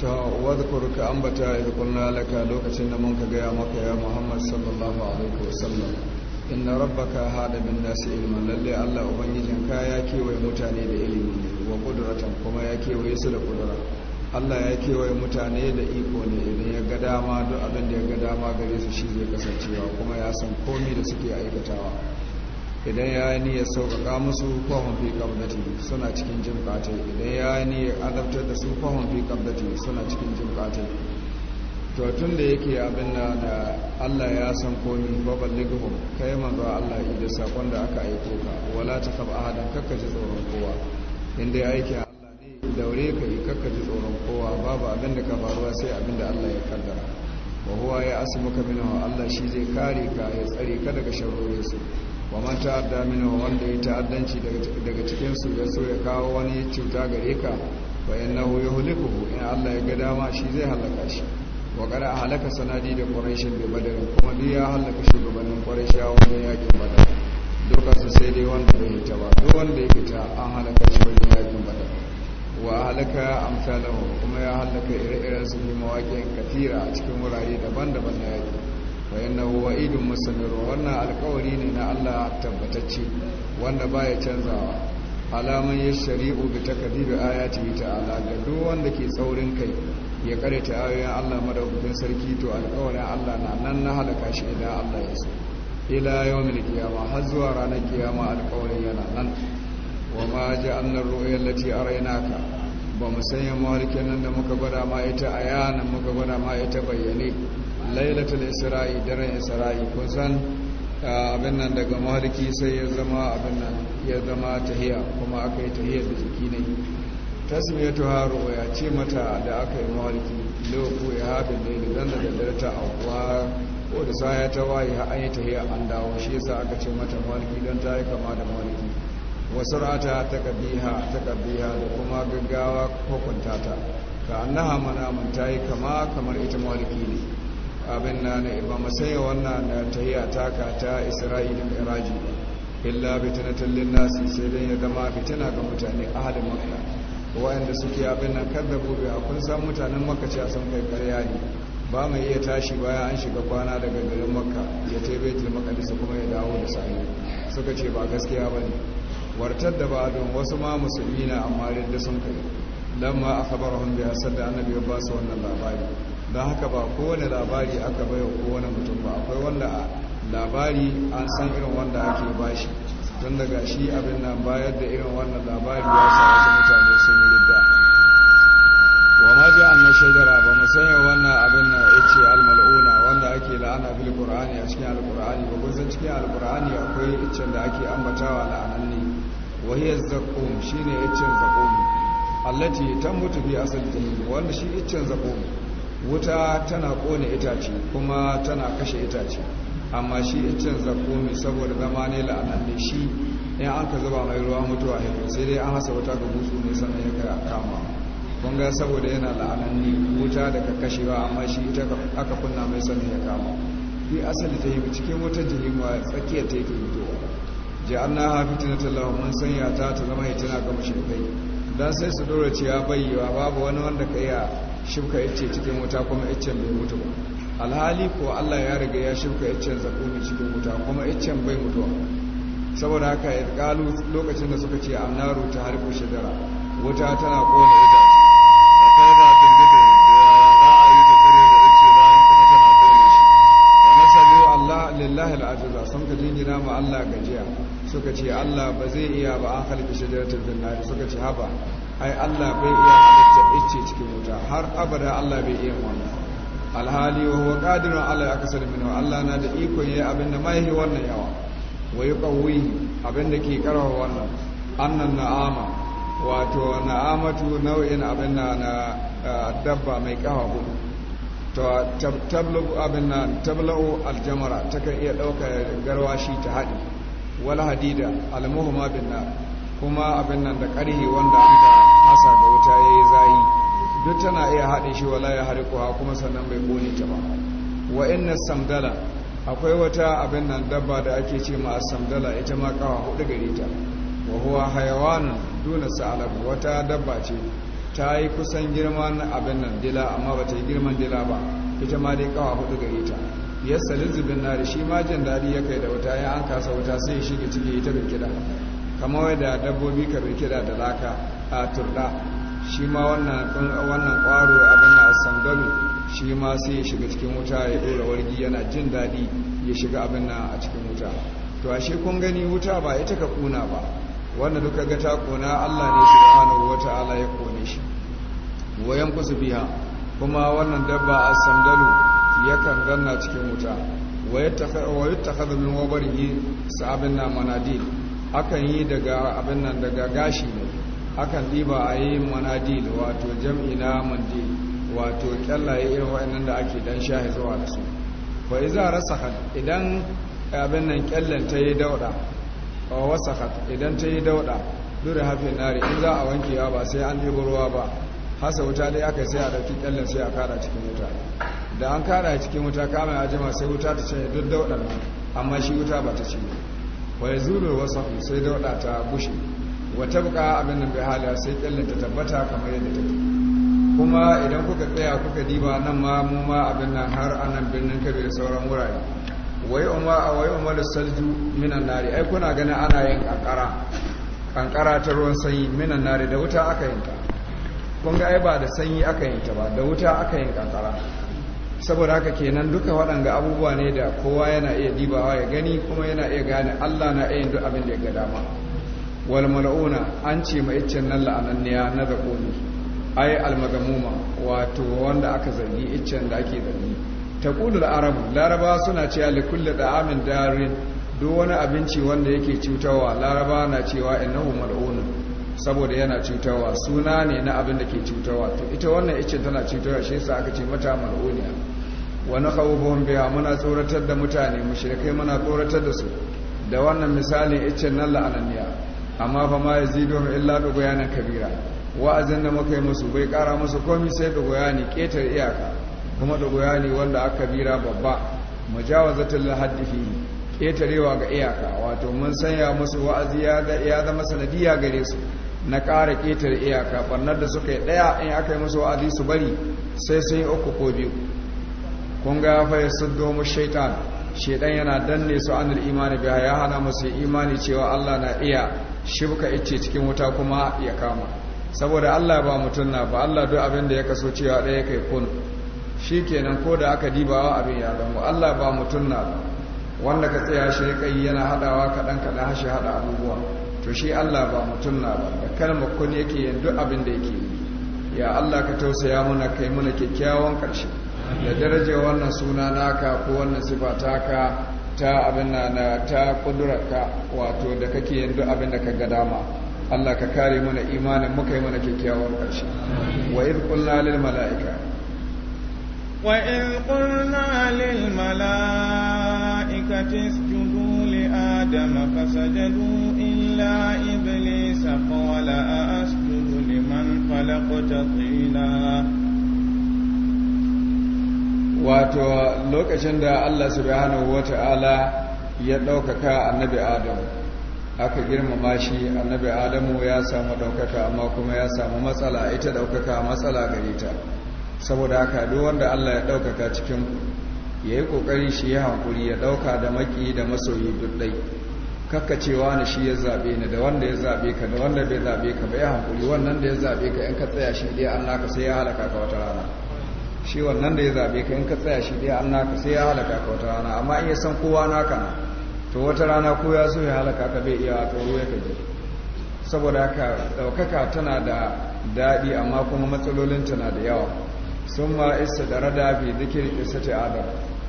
to wadhkur ka ambata idh qulna laka lokacin da mun ka gaya maka ya Muhammad sallallahu alaihi wasallam inna rabbaka hada bin nasi ilman lalle Allah ubangijin ka ya kewaye mutane da ilimi ne wa qudratan kuma ya kewaye su da qudura Allah ya kewaye mutane da iko ne idan ya ga dama duk abin da ya ga dama gare su shi zai kasancewa kuma ya san komi da suke aikatawa idan ya yi niyyar sauƙaƙa musu kwahon fi ƙabdati suna cikin jin ƙatai idan ya yi niyyar azabtar da su kwahon fi ƙabdati suna cikin jin ƙatai to tun da yake abin na da allah ya san komi babal ka kai manzo allah yi da saƙon da aka aiko ka wala ta kaba ahadan kakka ji tsoron kowa inda ya aiki allah ne daure ka yi kakka ji tsoron kowa babu abin da ka faruwa sai abin da allah ya kaddara wa huwa ya asimuka minhu allah shi zai kare ka ya tsare ka daga sharorinsu wa man ta'adda mini wa wanda ya ta'addanci daga cikinsu ya so ya kawo wani cuta gare ka wa innahu yuhlikuhu in Allah ya ga dama shi zai halaka shi wa qara halaka sanadi da quraish bi badar kuma duk ya halaka ya quraishawa wajen ki badar duka su sai dai wanda bai ta ba duk wanda ya fita an halaka shi wajen yakin badar wa halaka amsalahu kuma ya halaka ire-iren su mawaqi'in mawaƙin katira a cikin wurare daban-daban na yaki wa innahu musamman wannan alkawari ne na Allah tabbatacce wanda baya canzawa alaman yashari'u bi takdibi ta ta ga duk wanda ke tsaurin kai ya ta ayoyin Allah madaukakin sarki to alkawarin Allah na nan na halaka shi idan Allah ya so ila mini kiyama har zuwa ranar kiyama alkawarin yana nan wa ma ja'alna ar-ru'ya a rainaka ba mu sanya mawarkin nan da muka gwada ma ita a ayanan muka gwada ma ita bayyane lailatul isra'i daren isra'i kun san abin nan daga mahaliki sai ya zama abin nan ya zama tahiya kuma aka yi da jiki ne tasmiyatu haro ya ce mata da aka yi mahaliki lokaci ya haɗa da zan da daddare ta ko da saya ya waye ha an yi an dawo shi yasa aka ce mata mahaliki don ta yi kama da mahaliki wasu rata ta kabiha da kuma gaggawa kwakwanta ta ka annaha manamun ta yi kama kamar ita mahaliki ne abin na ne ba mu ta wannan eh, a taka ta isra'ila mai ba illa tallin nasi sai dai ya zama fitina ga mutane ahalin makka wa'anda suke abin nan gobe a kun san mutanen makka ce san kai karya ne ba mai iya tashi bayan an shiga kwana daga garin makka ya tai baitul maqdis kuma ya dawo da sani suka ce ba gaskiya ne wartar da ba don wasu ma musulmi na amma da sun kai lamma akhbarahum bi asad da annabi ya ba su wannan labari don haka ba kowane labari aka bayo kowane mutum ba akwai wanda labari an san irin wanda ake bashi tun daga shi abin nan bayar da irin wannan labari ya sa wasu mutane sun yi ridda wa ma ji an shaidara ba mu sanya wannan abin nan yace almal'una wanda ake la'ana bil qur'ani a cikin alqur'ani ba kun cikin alqur'ani akwai iccen da ake ambatawa la'ananne wa hiya zakum shine iccen zakum allati tamutu bi asal jahil wanda shi iccen zakum wuta tana kone itace kuma tana kashe itace amma shi iccen mai saboda zama ne la'ananne shi in an ka zuba mai ruwa mutuwa haifu sai dai an hasa wuta ga musu ne sannan ya kama kun saboda yana la'ananne wuta daga kashewa amma shi ita aka kunna mai sannan ya kama fi asali ta yi cikin wata jihima tsakiyar ta yake fitowa ji an na hafi tunatar tallawa, mun sanya ta ta zama hitina ga kai. don sai su dora ciya bayyawa babu wani wanda ka iya shuka yace cikin wuta kuma iccen bai mutu ba alhali ko Allah ya riga ya shuka icen zakumi cikin wuta kuma iccen bai mutuwa saboda haka ya kalu lokacin da suka ce annaru ta harbu shidara wuta tana kona itace da kai da ta gita da ra'ayi ta tsire da ice bayan kuma tana kone shi wa nasabu Allah lillahi al'ajiza sun ka jingina ma Allah gajiya suka ce Allah ba zai iya ba an halki shajaratul jannati suka ce haba ai Allah bai iya halitta ice cikin wuta har abada Allah bai iya wannan alhali wa huwa qadiru ala aksar minhu Allah na da iko yayi abin da mai wannan yawa wa yuqawwihi abin da ke karawa wannan annan na'ama wato na'amatu nau'in abin na dabba mai kawa gudu to tablagu abin nan tablau aljamara takan iya ɗaukar garwashi ta haɗi wal hadida almuhma bin nar kuma abin nan da ƙarhe wanda an ka hasa da wuta ya yi zahi duk tana iya haɗe shi wala ya kuwa kuma sannan bai ƙone ta ba wa inna samdala akwai wata abin nan dabba da ake ce ma samdala ita ma kawa hudu gari ta wa huwa hayawanun duna sa'alabu wata dabba ce ta yi kusan girman abin nan dila amma ba ta yi girman dila ba ita ma dai kawa hudu gari ta yasa lizubin nari shi ma jin daɗi ya kai da wuta ya an kasa wuta sai shiga ciki ta da kiɗa kamar da dabbobi ka bai da laka a turda shi ma wannan kwaro abin a sandalu shi ma sai ya shiga cikin wuta ya dora wargi yana jin daɗi ya shiga abin nan a cikin wuta to a ashe kun gani wuta ba ita ka kuna ba wanda duka ga ta kuna Allah ne wata ala ya kone shi wayan kusu biya kuma wannan dabba a sandalu yakan ganna cikin wuta wayattakhadhu yi sa abin na manadil akan yi daga abin nan daga gashi ne akan diba a yi manadil wato jam'i na mandil wato kyallaye irin wa'annan da ake dan shahi zuwa da su fa iza rasahat idan abin nan kyallan ta yi dauda wa wasahat idan ta yi dauda dure hafi nari in za a wankewa ba sai an ɗebo ruwa ba hasa wuta dai aka sai a ɗauki kyallan sai a kada cikin wuta da an kada cikin wuta kamar ajima sai wuta ta canye duk daudar amma shi wuta ba ta cinye wa ya zuru wasafu sai dauɗa ta bushe wata buka abin da bai haliya sai kyallin ta tabbata kamar yadda take kuma idan kuka tsaya kuka diba nan ma mu ma abin nan har anan birnin kabe da sauran wurare wai umma a wai umma da salju minan nari ai kuna ganin ana yin kankara kankara ta ruwan sanyi minan nari da wuta aka yin ta kun ga ai ba da sanyi aka yin ta ba da wuta aka yin kankara saboda haka kenan duka waɗanda abubuwa ne da kowa yana iya dibawa ya gani kuma yana iya gane Allah na iya duk abin da ya ga dama wal mal'una an ce ma iccen nan la'ananniya na zakoni ai almagamuma wato wanda aka zargi iccen da ake zargi taqulu arabu laraba suna cewa li kulli da'amin darin duk wani abinci wanda yake cutawa laraba na cewa innahu mal'un saboda yana cutawa suna ne na abin da ke cutawa to ita wannan iccen tana cutarwa shi yasa aka ce mata mal'uniya wa nakhawifuhum biya muna tsoratar da mutane mushrikai muna tsoratar da su da wannan misalin iccen nan la'ananiya amma fa ma mu illa yanar kabira wa'azin da muka yi musu bai ƙara musu komai sai yanar ƙetare iyaka kuma yanar wanda a kabira babba mujawazatul haddi fihi ƙetarewa ga iyaka wato mun sanya musu wa'azi ya zama sanadiyya gare su na ƙara ƙetare iyaka ɓarnar da suka yi ɗaya in aka yi musu wa'azi su bari sai sun yi uku ko biyu kun ga fa yasuddu mu shaitan shaitan yana danne su anil imani biya ya hana musu imani cewa Allah na iya shibka ice cikin wuta kuma ya kama saboda Allah ba mutum na ba Allah duk abin da ya kaso cewa ɗaya kai kun kenan ko da aka diba wa abin ya zama Allah ba mutum na ba wanda ka tsaya shi kai yana hadawa kaɗan kaɗan hashi hada abubuwa to shi Allah ba mutum na ba da kalmar kun yake yin duk abin da yake ya Allah ka tausaya muna kai mana kyakkyawan ƙarshe da darajar wannan suna naka ko wannan sifa taka ta abin na ta kudurarka wato da kake yin duk abin da ka ga dama Allah ka kare mana imanin muka yi mana kyakkyawar ƙarshe wa iz qulna lil mala'ika wa iz qulna lil mala'ikati isjudu li adama fasajadu illa iblisa qala asjudu liman khalaqta tina wato lokacin da Allah subhanahu wata'ala ya ɗaukaka annabi Adam aka girmama shi annabi Adamu ya samu ɗaukaka amma kuma ya samu matsala ita ɗaukaka matsala gari ta saboda haka duk wanda Allah ya ɗaukaka cikin ya yi ƙoƙari shi ya hankuri ya ɗauka da maki da masoyi duk ɗai kakkacewa ni shi ya zaɓe ni da wanda ya zaɓe ka da wanda bai zaɓe ka ba hankuri wannan da ya zaɓe ka in ka tsaya shi dai an ka sai ya halaka ka wata rana shi wannan da ya zabe ka in ka tsaya shi dai an naka sai ya halaka ka wata rana amma in ya san kowa naka na to wata rana ko ya so ya halaka ka bai iya tsoro ya kaje saboda haka daukaka tana da daɗi amma kuma matsalolin tana da yawa sun ma isa da rada fi isa ce adam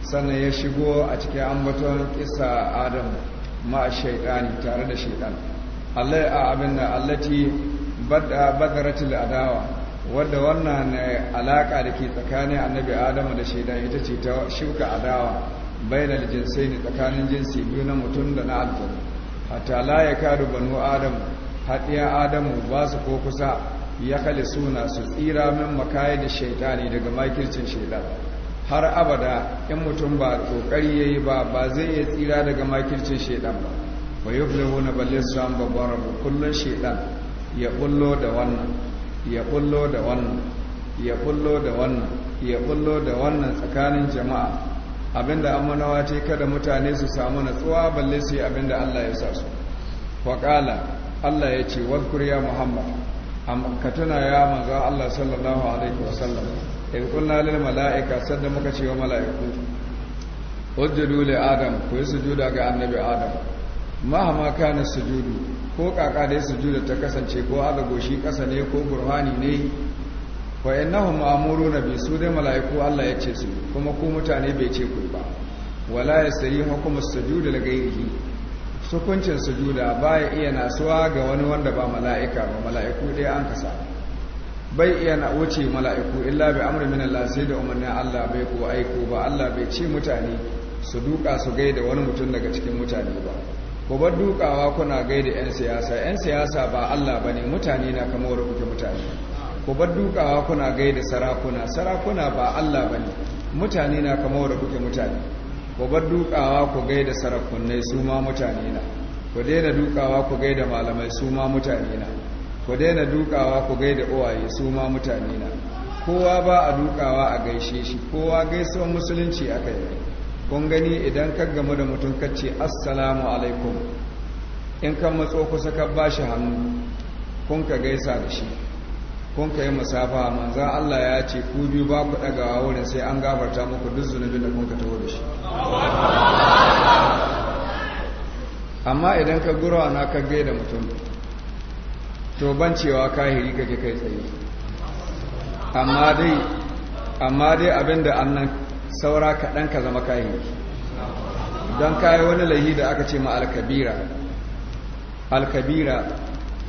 sannan ya shigo a cikin ambaton kisa adam ma shaidani tare da shaidan Allai a abin da allati badaratul adawa wadda wannan eh, alaƙa da ke tsakanin annabi adamu da shaidan ita ce ta shuka adawa bainal jinsai ne tsakanin jinsi biyu na mutum da na aljanu hatta la ya kadu banu adamu haɗiya adamu ba su ko kusa ya kali suna su tsira min makayi da shaitani daga makircin shaidan har abada in mutum ba kokari ya yi ba ba zai iya tsira daga makircin shaidan ba ba yi na balle babban rabu kullum shaidan ya bullo da wannan ya bullo da wannan ya bullo da wannan ya bullo da wannan tsakanin jama'a abinda amanawa ce kada mutane su samu natsuwa balle su yi abinda Allah ya sa su waƙala Allah ya ce wadkur ya Muhammad ka tuna ya manzo Allah sallallahu alaihi wa sallam. in kunna lil mala'ika sadda muka ce wa mala'iku wajjudu li adam ku yi sujuda ga annabi adam mahama kana sujudu ko kaka dai sujuda ta kasance ko aga goshi kasa ne ko burhani ne wa innahum ma'muruna bi su dai mala'iku Allah ya ce su kuma ku mutane bai ce ku ba wala yasri hukum as-sujud gairihi sukuncin sujuda baya iya nasuwa ga wani wanda ba mala'ika ba mala'iku dai an kasa bai iya na wuce mala'iku illa bi amri min Allah sai da umarnin Allah bai ko aiko ba Allah bai ce mutane su duka su gaida wani mutum daga cikin mutane ba ku bar dukawa kuna gaida 'yan siyasa 'yan siyasa ba Allah ba ne mutane na kuke mutane ku dukawa kuna gaida sarakuna sarakuna ba Allah ba ne mutane na kuke mutane ku bar dukawa ku gaida sarakunai su ma mutane na ku daina dukawa ku gaida malamai su ma mutane na ku daina dukawa ku gaida uwaye su ma mutane na kowa ba a dukawa a gaishe shi kowa gaisuwar musulunci aka yi kun gani idan ka gamu da mutum ka ce assalamu alaikum in kan matso kusa ka ba shi hannu kun ka gaisa da shi kun ka yi musafa manza Allah ya ce ku biyu ba ku ɗagawa wurin sai an gafarta muku duk zunubin da kun ka taho da shi amma idan ka gura na ka gaida mutum to ban cewa ka ka kake kai tsaye amma dai amma dai abinda annan saura kaɗan ka zama kayi don kayi wani laihi da aka ce ma alkabira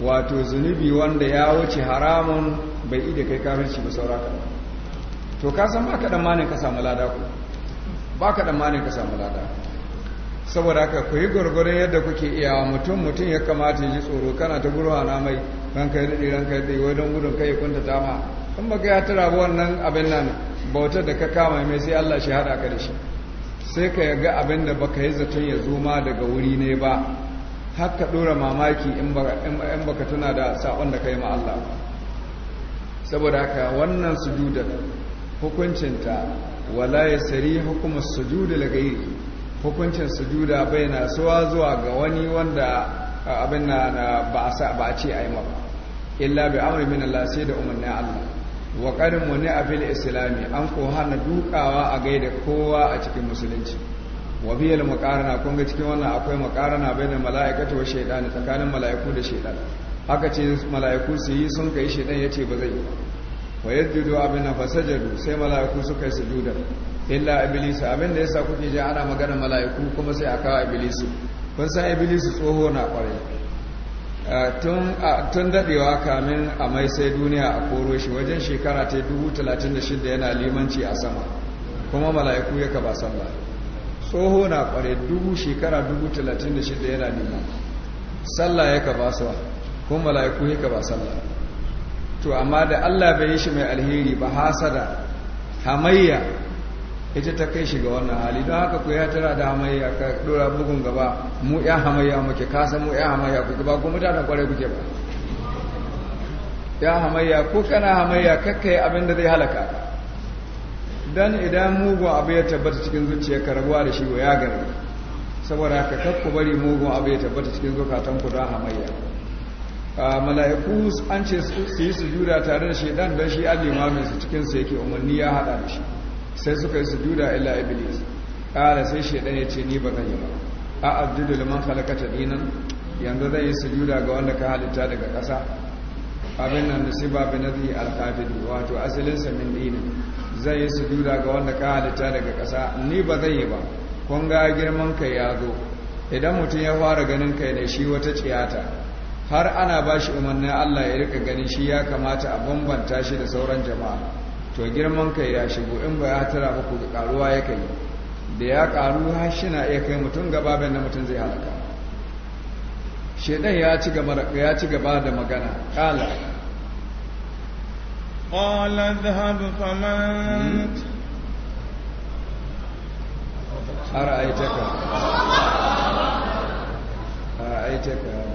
wato zunubi wanda ya wuce haramun bai ida kai kamarci ba saura kaɗan to ka san ba kaɗan manin ka samu lada ku ba kaɗan manin ka samu lada saboda haka ku yi gwargwaron yadda kuke wa mutum mutum ya kamata ya ji tsoro kana ta gurwa na mai ranka ya daɗe ranka ya daɗe wai don gudun kai ya kunta ta ma in baka ya tura wannan abin nan bautar da ka kama mai sai Allah shi hada ka da shi sai ka yaga abin da baka yi zaton ya zo ma daga wuri ne ba har ka dora mamaki in baka tuna da sabon da ka yi ma Allah saboda haka wannan sujuda hukuncinta wala ya sari hukumar sujuda daga yi hukuncin sujuda bai na suwa zuwa ga wani wanda abin na ba a ce a yi ba illa bai amurmin Allah sai da umarnin Allah wa ƙarin wani abin islami an ko hana dukawa a gaida kowa a cikin musulunci wa biyal makarana kun cikin wannan akwai makarana bai da mala'ikata wa shaidani tsakanin mala'iku da shaidan haka ce mala'iku su yi sun kai shaidan ya ce ba zai yi wa abin na jaru sai mala'iku kai su sujuda illa iblis abin da yasa kuke ji ana magana mala'iku kuma sai a kawo iblis kun san iblis tsoho na kwarai Eh, tun dadewa kamin a mai sai duniya a koro shi wajen shekara ta 36 yana limanci a sama kuma mala'iku ya kaba sallah tsoho na kware dubu shekara 36 yana liman sallah ya kaba suwa kuma mala'iku ya kaba sallah to amma da allah bai yi shi mai alheri ba hasada hamayya ita ta kai shi ga wannan hali don haka ku ya tara da hamayya ka dora bugun gaba mu ya hamayya muke kasa mu ya hamayya kuke ba ku mutanen kwarai kuke ba ya hamayya ko kana hamayya kakkai abin da zai halaka dan idan mugun abu ya tabbata cikin zuciya ka rabuwa da shi wa ya gani saboda ka kakku bari mugun abu ya tabbata cikin zukatan ku don hamayya mala'iku an ce su yi jura tare da shaidan don shi an limamin su cikin su yake umarni ya hada da shi sai suka yi sujuda illa iblis kala sai shaidan ya ce ni ba zan yi ba a abdudu liman halakata dinan yanzu zai yi sujuda ga wanda ka halitta daga ƙasa abin nan nasiba bi nadhi al-qabid wato asalin sa min dinin zai yi sujuda ga wanda ka halitta daga ƙasa ni ba zan yi ba kun ga girman kai ya zo idan mutum ya fara ganin kai ne shi wata ciyata har ana ba shi umarnin Allah ya rika ganin shi ya kamata a bambanta shi da sauran jama'a to girman kai ya shigo in ba ya tara ba ku karuwa ya kai da ya karu har na iya kai mutum gaba bayan na mutum zai halaka shedan ya ci gaba ya ci gaba da magana kala qala dhhab faman ara'aytaka ara'aytaka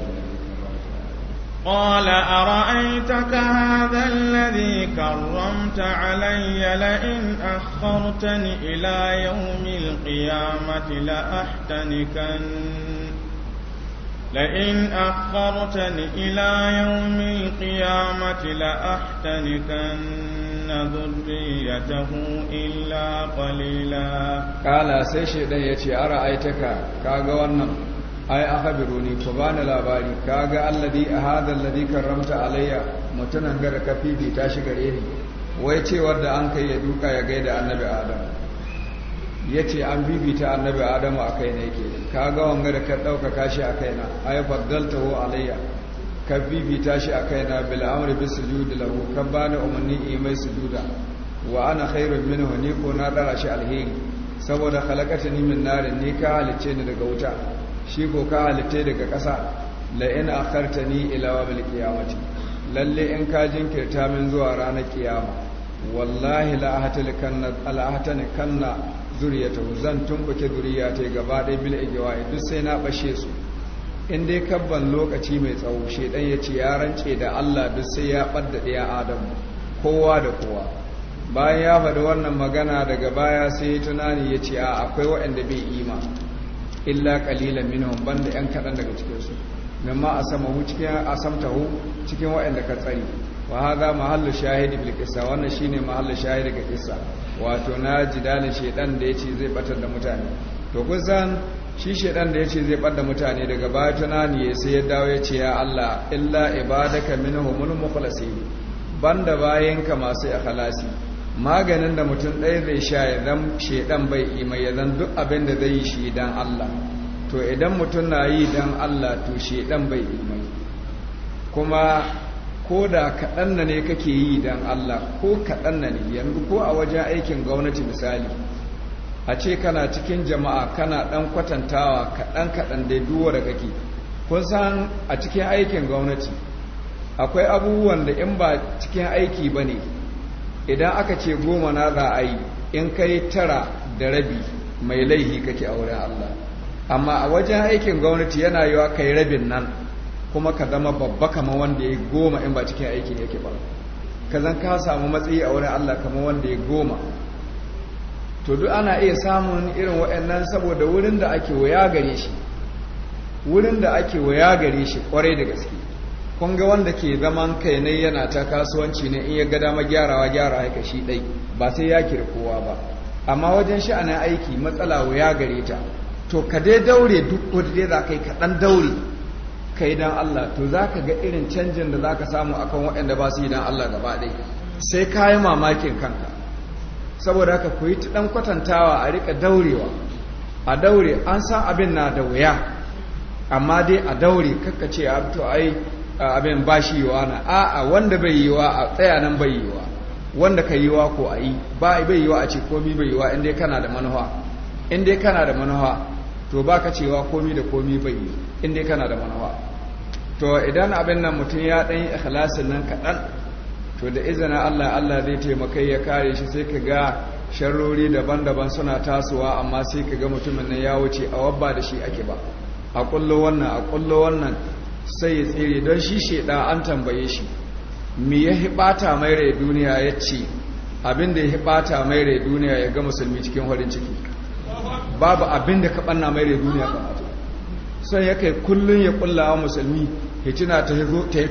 قال أرأيتك هذا الذي كرمت علي لئن أخرتني إلى يوم القيامة لأحتنكن لئن أخرتني إلى يوم القيامة لأحتنكن ذريته إلا قليلا قال سيشي دن يتي أرأيتك كاغوانا ai ne ku bani labari Ka kaga alladhi hadar Ladi karramta alayya mutunan gara ka kafibi ta shiga gare wai ce wadda an kai ya duka ya gaida annabi adam ce an bibita annabi Adamu a kai ne ke ga wanga da ka ɗaukaka kashi a kai na. ai ho alayya ka bibita shi a kaina bil amri bis sujudi lahu ka bani umarni imai mai sujuda wa ana khairun minhu ni ko na dara shi alheri saboda khalaqatani min narin ni ka halice ni daga wuta shi ko ka halitta daga ƙasa la in akhartani ila wabil qiyamati lalle in ka jinkirta min zuwa ranar kiyama wallahi la ahtalikanna la ahtanikanna zan tumbuke zuriyatai gaba ɗaya bil igwa'i duk sai na bashe su in dai kabban lokaci mai tsawo shedan ya ci ya rance da Allah duk sai ya badda ɗaya Adamu kowa da kowa bayan ya faɗi wannan magana daga baya sai tunani ya ce a akwai waɗanda bai ima illa qalilan minhum banda yan kadan daga cikin su sama asamahu cikin hu cikin waɗanda ka tsari wa hada mahallu shahidi bil qissa wannan shine mahallu shahidi ga qissa wato na jidal shedan da yace zai batar da mutane to kun san shi shedan da yace zai batar da mutane daga baya tunani sai ya dawo ya ce ya Allah illa ibadaka minhumul mukhlasin banda bayanka masu ikhlasi maganin da mutum ɗaya zai sha ya zan shaidan bai ima ya zan duk abin da zai yi shi don Allah to idan mutum na yi dan Allah to shaidan bai ima kuma ko da kaɗan na ne kake yi dan Allah ko kaɗan na ne yanzu ko a wajen aikin gwamnati misali a ce kana cikin jama'a kana ɗan kwatantawa kaɗan kaɗan dai duwa da kake kun san a cikin aikin gwamnati akwai abubuwan da in ba cikin aiki ba ne idan aka ce goma na za a yi in kai tara da rabi mai laihi kake a wurin Allah amma a wajen aikin gwamnati yana yiwa kai rabin nan kuma ka zama babba kamar wanda ya goma in ba cikin aikin yake ba ka zan ka samu matsayi a wurin Allah kamar wanda ya goma to duk ana iya samun irin waɗannan saboda wurin da ake waya gare shi wurin da ake waya gare shi kwarai da gaske kun ga wanda ke zama kai ne yana ta kasuwanci ne in ya ga dama gyarawa gyara aika shi dai ba sai ya kira kowa ba amma wajen sha'anin aiki matsala wuya gare ta to ka dai daure duk wanda dai za ka yi ka ɗan daure kai yi don Allah to zaka ga irin canjin da zaka samu akan waɗanda ba su yi dan Allah gaba dai sai ka yi mamakin kanka saboda haka koyi ta ɗan kwatantawa a rika daurewa a daure an san abin na da wuya amma dai a daure kakkace ce ya fito ai abin ba shi yiwa na a'a wanda bai yi wa a tsaya nan bai wa wanda ka yi wa ko a yi ba bai wa a ce komi bai wa inda dai kana da manuwa inda dai kana da manuwa to ba ka cewa komi da komi bai yi inda dai kana da manuwa to idan abin nan mutum ya ɗan yi ikhlasin nan kaɗan to da izina Allah Allah zai taimakai ya kare shi sai ka ga sharrori daban-daban suna tasowa amma sai ka ga mutumin nan ya wuce a wabba da shi ake ba a kullo wannan a kullo wannan sai ya tsere don shi shaidan an tambaye shi me ya hibata mai rai duniya ya ce abinda ya hibata mai rai duniya ya ga musulmi cikin horin ciki babu abinda ka banna mai rai duniya ba sai ya kai kullun ya kulla wa musulmi cina ta yi to ta yi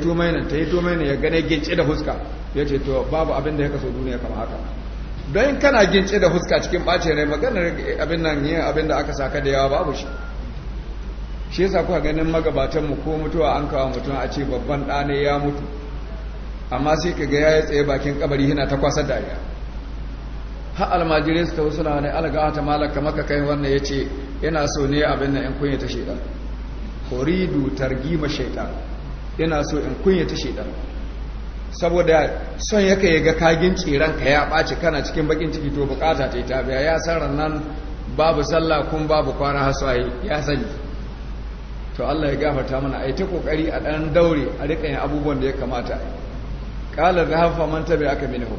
to ya gane gince da huska ya ce to babu abinda ya kaso duniya kama haka don kana gince da huska cikin bacin rai maganar abin nan yin abin da aka saka da yawa babu shi shi yasa kuka ganin magabatan mu ko mutuwa an kawo mutum a ce babban ɗa ya mutu amma sai ka ga ya tsaye bakin kabari yana ta kwasa dariya Ha almajirai su ta wasu na wani alaga ta malaka maka kai wannan ya ce yana so ne abin nan in kunya ta shaidan horidu targima shaidan yana so in kunya ta shaidan saboda son yaka ya ga kagin tseren ka ya ɓaci kana cikin bakin ciki to bukata ta yi tabiya ya san nan babu sallah kun babu kwana haswaye ya sani to Allah ya gafarta mana ai ta kokari a ɗan daure a rika yin abubuwan da ya kamata qala dhahab faman tabi'aka minhum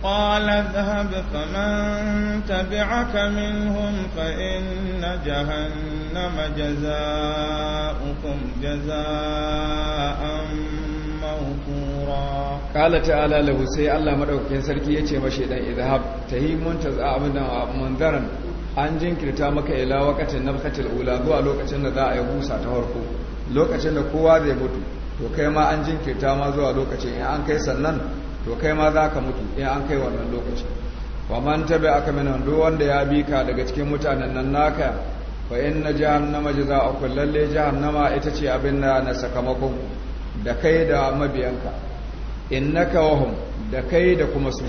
qala dhahab faman tabi'aka minhum fa inna jahannama jazaa'ukum jazaa'an mawqura qala ta'ala lahu sai Allah madaukakin sarki ya ce mashi dan idhab tahimun taz'a a manzaran an jinkirta maka ila na nafhatil ula zuwa lokacin da za a yi busa ta farko lokacin da kowa zai mutu to kai ma an jinkirta ma zuwa lokacin in an kai sannan to kai ma za ka mutu in an kai wannan lokacin wa man tabi aka min duk wanda ya bi ka daga cikin mutanen nan naka fa inna jahannama jazaa'ukum lalle jahannama ita ce abin da na sakamakon da kai da mabiyanka innaka wahum da kai da kuma su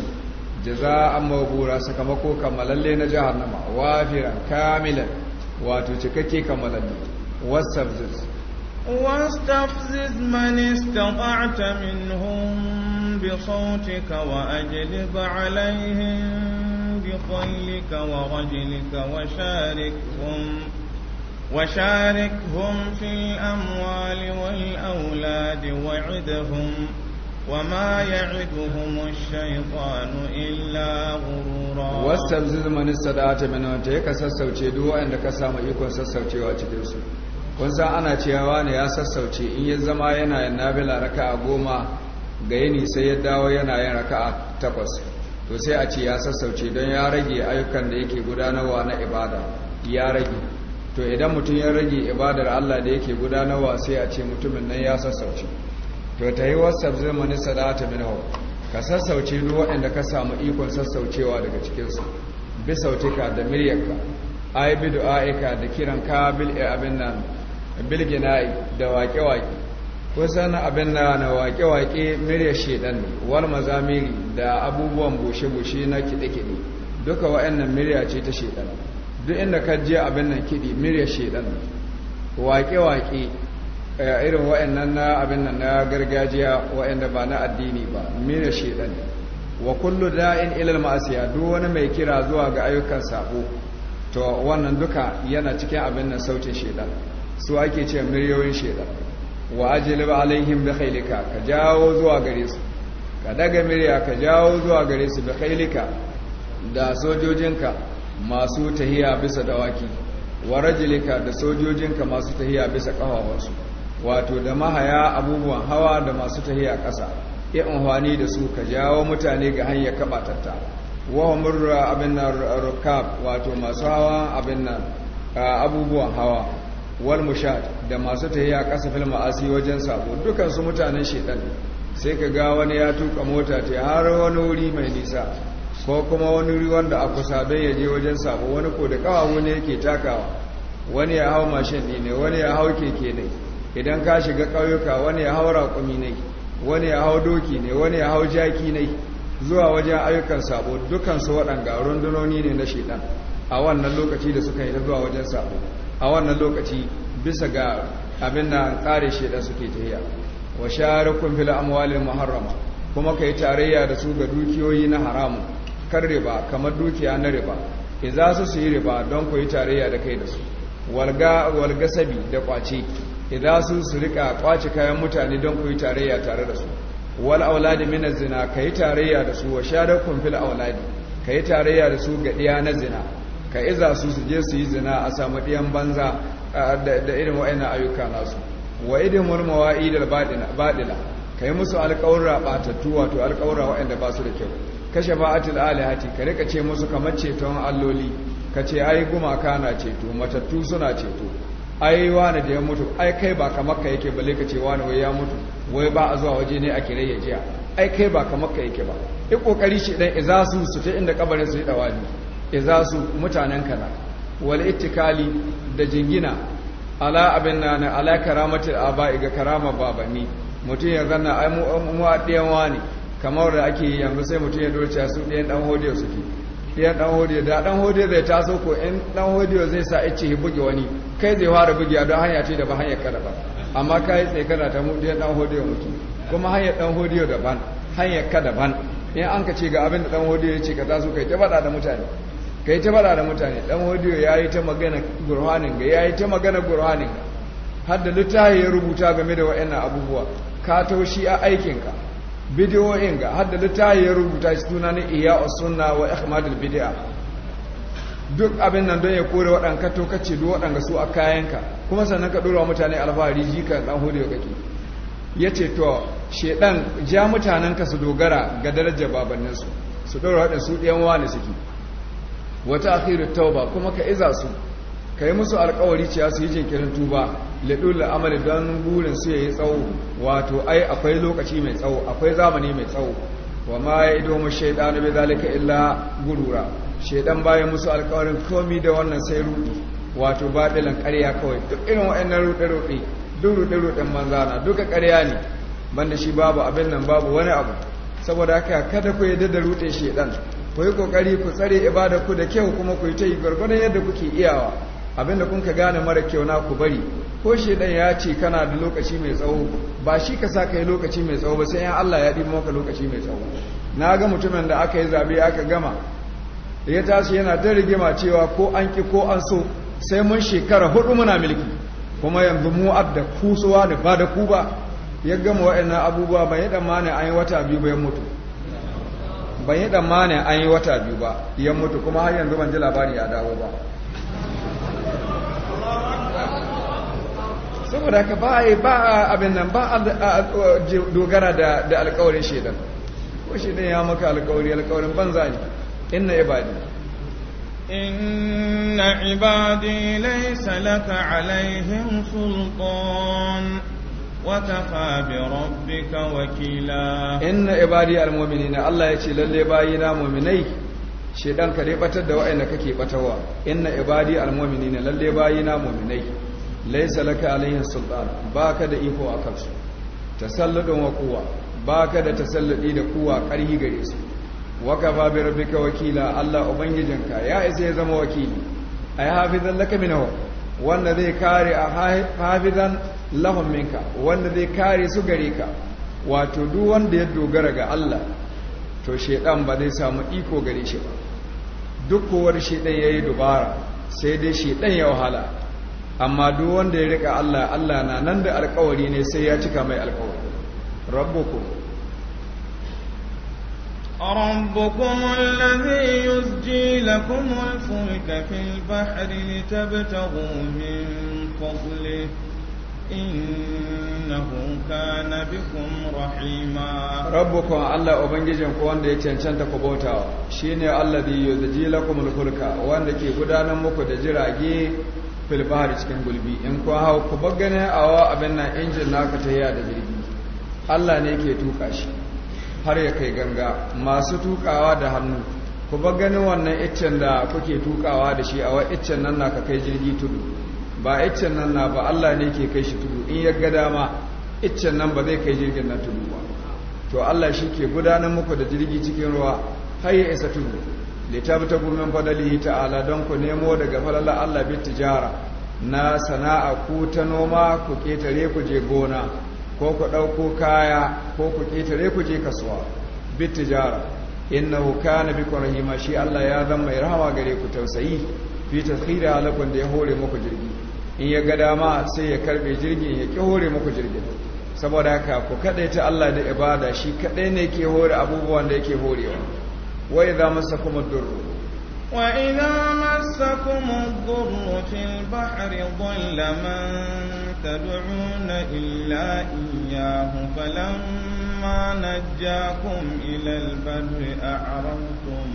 jaza'an mabura sakamako kamalalle na jahannama wafiran kamilan wato cikakke kamalalle wasafziz واستفزز من استطعت منهم بصوتك وأجلب عليهم بخيلك ورجلك وشاركهم وشاركهم في الأموال والأولاد وعدهم وما يعدهم الشيطان إلا غرورا واستمزز من استدعت منهم تيكا سسوچي دو عند كسام يكون سسوچي واجدرسو kun san ana cewa ne ya sassauce in ya zama yana yin nabila raka'a goma ga yini sai ya dawo yana yin raka'a takwas to sai a ce ya sassauce don ya rage ayyukan da yake gudanarwa na ibada ya rage to idan mutum ya rage ibadar Allah da yake gudanarwa sai a ce mutumin nan ya sassauce to ta yi wasab zai mani sadata min hau ka sassauce duk waɗanda ka samu ikon sassaucewa daga cikinsu bi ka da miryarka ai bi du'a'ika da kiran ka bil eh, abin nan bil gina'i da waƙe-waƙe kusan abin na na waƙe-waƙe miryar shaidan ne wal mazamiri da abubuwan bushe-bushe na kiɗe-kiɗe duka waɗannan mirya ce ta shaidan. duk inda ka je abin nan kiɗi miryar shaidan ne waƙe-waƙe Eh, irin wa'annan na abin nan na gargajiya wa'anda ba na addini ba mina shedan wa kullu da'in ilal ma'asiya duk wani mai kira zuwa ga ayyukan sabo to wannan duka yana cikin abin nan saucin shedan su ake ce miliyoyin shedan wa ba alaihim bi khailika ka jawo zuwa gare su ka daga murya ka jawo zuwa gare su bi khailika da sojojinka masu tahiya bisa dawaki wa rajulika da sojojinka masu tahiya bisa kafafunsu wato da mahaya abubuwan hawa da masu tahiya ƙasa ya amfani da su ka jawo mutane ga hanyar kabatatta murra abin nan rukab wato masu hawa abin nan abubuwan hawa wal mushad da masu tahiya ƙasa fil ma'asi wajen sabo dukan su mutanen shedan sai ka ga wani ya tuka mota ta har wani wuri mai nisa ko kuma wani wuri wanda a kusa don ya je wajen sabo wani ko da kawawu ne yake takawa wani ya hau mashin ne wani ya hau keke ne idan ka shiga ƙauyuka wani ya hau raƙumi ne wani ya hau doki ne wani ya hau jaki ne zuwa wajen ayyukan sabo dukansu waɗanga rundunoni ne na shaidan a wannan lokaci da suka yi zuwa wajen sabo a wannan lokaci bisa ga abin da tsarin shaidan suke tafiya. wa sharikun fil amwalil muharrama kuma kai tarayya da su ga dukiyoyi na haramun kan riba kamar dukiya na riba idza su yi riba don ku yi tarayya da kai da su walga walgasabi da kwace idan sun su rika kwace kayan mutane don ku yi tarayya tare da su wal auladi min zina ka yi tarayya da su wa sharakun fil auladi ka yi tarayya da su ga ɗiya na zina ka iza su su je su yi zina a samu ɗiyan banza da irin wa'annan ayyuka nasu wa idin murmawa idar badila ka yi musu alƙawura batattu wato alƙawura waɗanda ba su da kyau kashe ba'atul alihati ka rika ce musu kamar ceton alloli ka ce ai gumaka na ceto matattu suna ceto ai wani da ya mutu ai kai ba kamar ka yake balle ka ce wani wai ya mutu wai ba a zuwa waje ne a kire ya jiya ai kai ba kamar ka yake ba yi kokari shi dan iza su su ta inda kabarin su yi dawali iza su mutanen kana wal ittikali da jingina ala abin na ala karamatul aba'i ga karama babanni mutun ya zanna ai mu mu ɗiyan wani kamar da ake yi yanzu sai mutun ya dorce su ɗiyan dan hodiyo suke ɗiyan dan hodiyo da dan hodiyo zai taso ko in dan hodiyo zai sa ice buge wani kai zai fara bugiya don hanya ce da ba hanyar kada ba amma ka yi tsaye ta mutu ya dan hodiyo mutu kuma hanyar dan hodiyo daban hanyar ka daban in an ka ce ga abin da dan hodiyo ya ce ka taso kai ta faɗa da mutane kai ta faɗa da mutane dan hodiyo ya yi ta magana gurhanin ga ya yi ta magana gurhanin ga har da littafi ya rubuta game da wa'annan abubuwa ka taushi a aikinka bidiyoyin ga har da littafi ya rubuta shi tunanin iya sunna wa ikhmadul bid'a duk abin nan don ya kore waɗanka to kace duk waɗanga su a kayanka kuma sannan ka ɗora mutane alfahari jika ɗan hudu ya kake ya ce to shaidan ja mutanenka su dogara ga daraja babanninsu su ɗora su ɗiyan wani suke wata akhiru tauba kuma ka iza su ka yi musu alkawari cewa su yi jinkirin tuba laɗu amali don burin su yayi tsawo wato ai akwai lokaci mai tsawo akwai zamani mai tsawo wa ma ya ido mu shaidanu bai zalika illa gurura shedan bayan musu alkawarin komi da wannan sai rudu wato babilan ƙarya kawai duk irin wa'annan ruɗe-ruɗe duk ruɗe-ruɗen manzana duka karya ne banda shi babu abin nan babu wani abu saboda haka kada ku yadda da ruɗe shedan ku yi ƙoƙari ku tsare ibada ku da kyau kuma ku yi ta yi gargwadon yadda kuke iyawa abinda kun ka gane mara kyau na ku bari ko shedan ya ce kana da lokaci mai tsawo ba shi ka sa ka yi lokaci mai tsawo ba sai yan Allah ya dima maka lokaci mai tsawo na ga mutumin da aka yi zabe aka gama ya tashi yana ta rigima cewa ko an ki ko an so sai mun shekara hudu muna milki kuma yanzu mu abda kusuwa da ba da ku ba ya gama waɗannan abubuwa ban yi tsammanin an yi wata biyu ba mutu ban yi tsammanin an yi wata biyu ba ya mutu kuma har yanzu ban ji labari ya dawo ba saboda ka ba ba abin nan ba dogara da alkawarin shedan ko shedan ya maka alkawari alkawarin banza ne inna ibadi inna ibadi laysa laka alaihim sultan wa kafa bi rabbika wakila inna ibadi almu'minina Allah yace lalle bayina mu'minai shedan ka dai batar da wa'anda kake batawa inna ibadi almu'minina lalle bayina mu'minai laysa laka alaihim sultan baka da iko akan su tasalludun wa quwwa baka da tasalludi da kuwa karhi gare su waka ba bi rabbika wakila Allah ubangijinka ya isa ya zama wakili ay hafizan laka minhu wanda zai kare a hafizan lahum minka wanda zai kare su gare ka wato duk wanda ya dogara ga Allah to shedan ba zai samu iko gare shi ba duk kowar shedan yayi dubara sai dai shedan ya wahala amma duk wanda ya rika Allah Allah na nan da alƙawari ne sai ya cika mai alƙawari rabbukum ربكم الذي يزجي لكم الفلك في البحر لتبتغوا من فضله innahu kana bikum rahima rabbukum Allah ubangijin ku ya cancanta ku bautawa shine alladhi yuzji lakum al-fulka wanda ke gudanar muku da jirage fil cikin gulbi in ku hau ku a awa abin nan injin naka ta yaya da jirgi Allah ne ke tuka shi har ya kai ganga masu tukawa da hannu ku ba ganin wannan iccen da kuke tukawa da shi a wa iccen nan na ka kai jirgi tudu ba iccen nan na ba Allah ne ke kai shi tudu in ya ga dama iccen nan ba zai kai jirgin nan tudu ba to Allah shi ke gudanar muku da jirgi cikin ruwa har ya isa tudu ta gumin fadalihi ta'ala don ku nemo daga falala Allah bi tijara na sana'a ku ta noma ku ketare ku je gona ko ku ɗauko kaya ko ku ƙetare ku je kasuwa bit tijara hu kana bi rahima shi Allah ya zama mai rahama gare ku tausayi fi tsira halakon da ya hore muku jirgi in ya ga dama sai ya karbe jirgin ya ki hore muku jirgin saboda haka ku ta Allah da ibada shi kaɗai ne ke hore abubuwan da yake horewa wai idza masakum ad-durr wa idza masakum ad-durr fil bahri dhalla تدعون إلا إياه فلما نجاكم إلى البر أعرضتم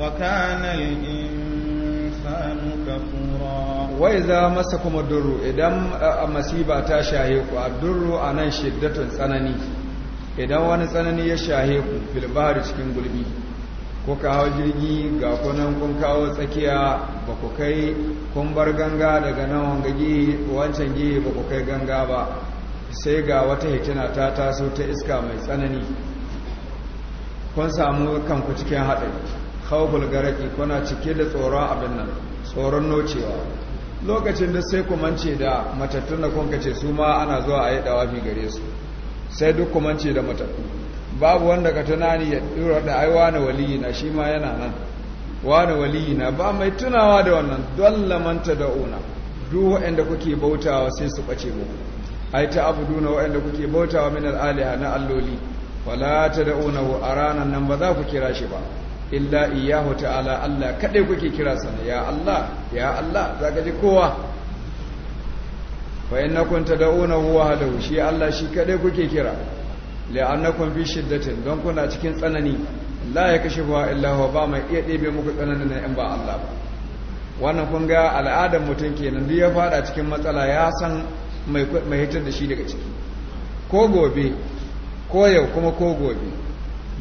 وكان الإنسان كفورا وإذا مسكم الدر إذا مصيبة تشاهيك الدر أنا شدة سنني إذا وانا سنني يشاهيك في البحر cikin gulbi ko kawo jirgi ga kunan kun kawo tsakiya ba ku kai kun bar ganga daga nan wangagi wancan gihe ba ku kai ganga ba sai ga wata hitina ta taso ta iska mai tsanani kun samu kanku cikin haɗari haukul garaki kuna cike da tsoron abin nan tsoron nocewa lokacin da sai ku mance da matattun da kun kace su ma ana zuwa a yi dawafi gare su sai duk ku mance da matattun babu wanda ka tunani ya tura da ai wani waliyi na shi ma yana nan wani waliyi na ba mai tunawa da wannan don manta da una duk waɗanda kuke bautawa sai su ɓace muku ai ta duna waɗanda kuke bautawa min al'aliya na alloli wala ta wa a ranar nan ba za ku kira shi ba illa iyahu ta'ala Allah kaɗai kuke kira sana ya Allah ya Allah za ka ji kowa fa innakum tad'unahu wahdahu shi Allah shi kaɗai kuke kira la'annakum bi shiddatin don kuna cikin tsanani la ya kashe wa illa wa ba mai iya ɗebe muku tsananin na in ba Allah ba wannan kun ga al'adar mutum kenan duk ya fada cikin matsala ya san mai hitar da shi daga ciki ko gobe ko yau kuma ko gobe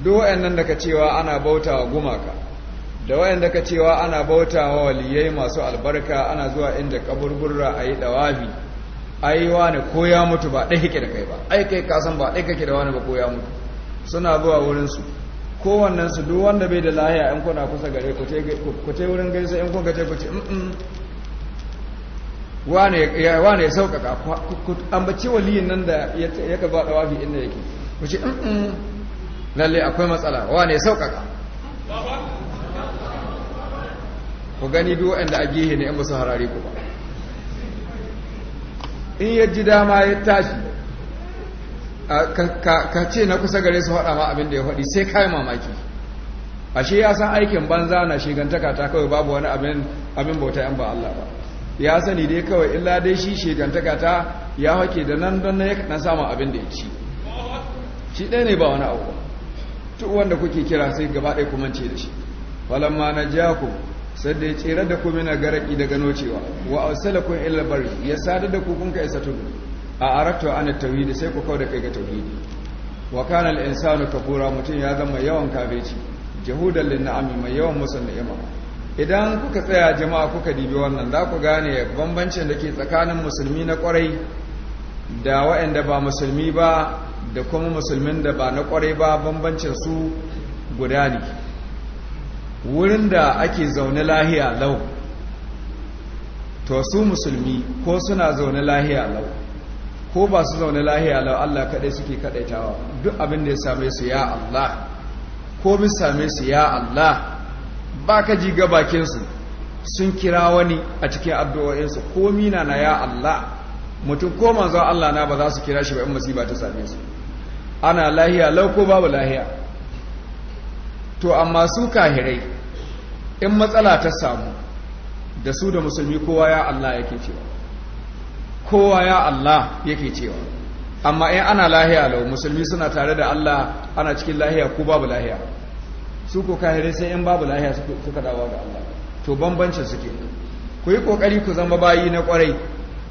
duk wayannan da ka cewa ana bautawa gumaka da wayanda ka cewa ana bautawa waliyai masu albarka ana zuwa inda kaburburra a yi dawabi ai wane ko ya mutu ba ɗaya kake da kai ba ai kai ka san ba ɗaya kake da wani ba ko ya mutu suna zuwa wurin su kowannen su duk wanda bai da lahiya in kuna kusa gare ku te wurin gaisa in kun gace ku ce mm, mm. wane ya sauƙaƙa ku ambaci waliyin nan da ya ka da wafi inda yake ku ce mm, lalle akwai matsala wane ya sauƙaƙa ku gani duk wanda a gihe ne in ba su harare ku ba in ya ji dama ya tashi ka ce na kusa gare su faɗa ma abin da ya faɗi sai kayan mamaki ashe ya san aikin banza na shigantaka ta kawai babu wani abin bauta yan ba Allah ba ya sani dai kawai illa dai shi shigantaka ta ya hake da nan don na samun abin da ya ci shi ɗaya ne ba wani abu duk wanda kuke kira sai gaba ɗaya kuma ce da shi falamma na jaku sai da ya tsere da ku yana garaki daga nocewa wa ausalakum illa bari ya sadar da ku ya isa tudu a aratu an sai ku da kai ga tauhidi wa kana al insanu kafura mutum ya zama yawan kabeci jahudan lin na'ami mai yawan musan ni'ima idan kuka tsaya jama'a kuka dibi wannan za ku gane bambancin da ke tsakanin musulmi na kwarai da waɗanda ba musulmi ba da kuma musulmin da ba na kwarai ba bambancin su guda ne wurin da ake zaune lahiya lau to su musulmi ko suna zaune lahiya lau ko ba su zaune lahiya lau Allah kaɗai suke kaɗaitawa duk abin da ya same su ya Allah ko bi same su ya Allah ba ka ji gabakinsu sun kira wani a cikin addu'o'insu ko mina na ya Allah mutum ko manzo Allah na ba za su kira shi ba in musiba ta same su ana lahiya lau ko babu lahiya to amma su kahirai in matsala ta samu da su da musulmi kowa ya Allah yake cewa kowa ya Allah yake cewa amma in ana lahiya lau musulmi suna tare da Allah ana cikin lahiya ko babu lahiya su ko kahirai sai in babu lahiya suka dawo ga Allah to bambancin suke ku yi kokari ku zama bayi na kwarai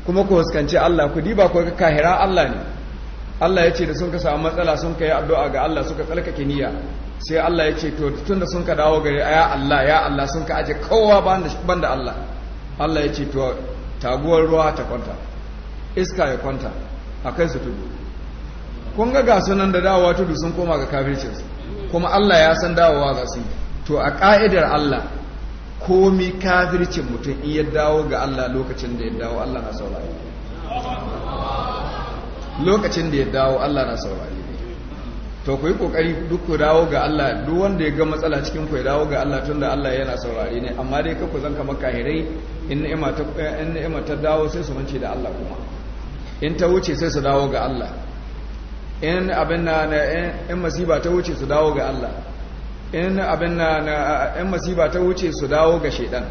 kuma ku huskanci Allah ku diba ku ga kahira Allah ne Allah ya ce da sun ka samu matsala sun ka yi addu'a ga Allah suka tsarkake niyya sai Allah ya ce to tun da sun ka dawo gare ya Allah ya Allah sun ka aje kowa ban da Allah Allah ya ce to taguwar ruwa ta kwanta iska ya kwanta a kai su tudu kun ga ga sunan da dawowa tudu sun koma ga su kuma Allah ya san dawowa ga su to a ka'idar Allah komi kafircin mutum in ya dawo ga Allah lokacin da ya dawo Allah na saurari lokacin da ya dawo Allah na saurari to ku yi kokari duk ku dawo ga Allah duk wanda ya ga matsala cikin ku ya dawo ga Allah tunda Allah yana saurare ne amma dai kanku zan kama kahirai in ni'ima ta in ni'ima ta dawo sai su mance da Allah kuma in ta wuce sai su dawo ga Allah in abin na na in masiba ta wuce su dawo ga Allah in abin na na in masiba ta wuce su dawo ga shedan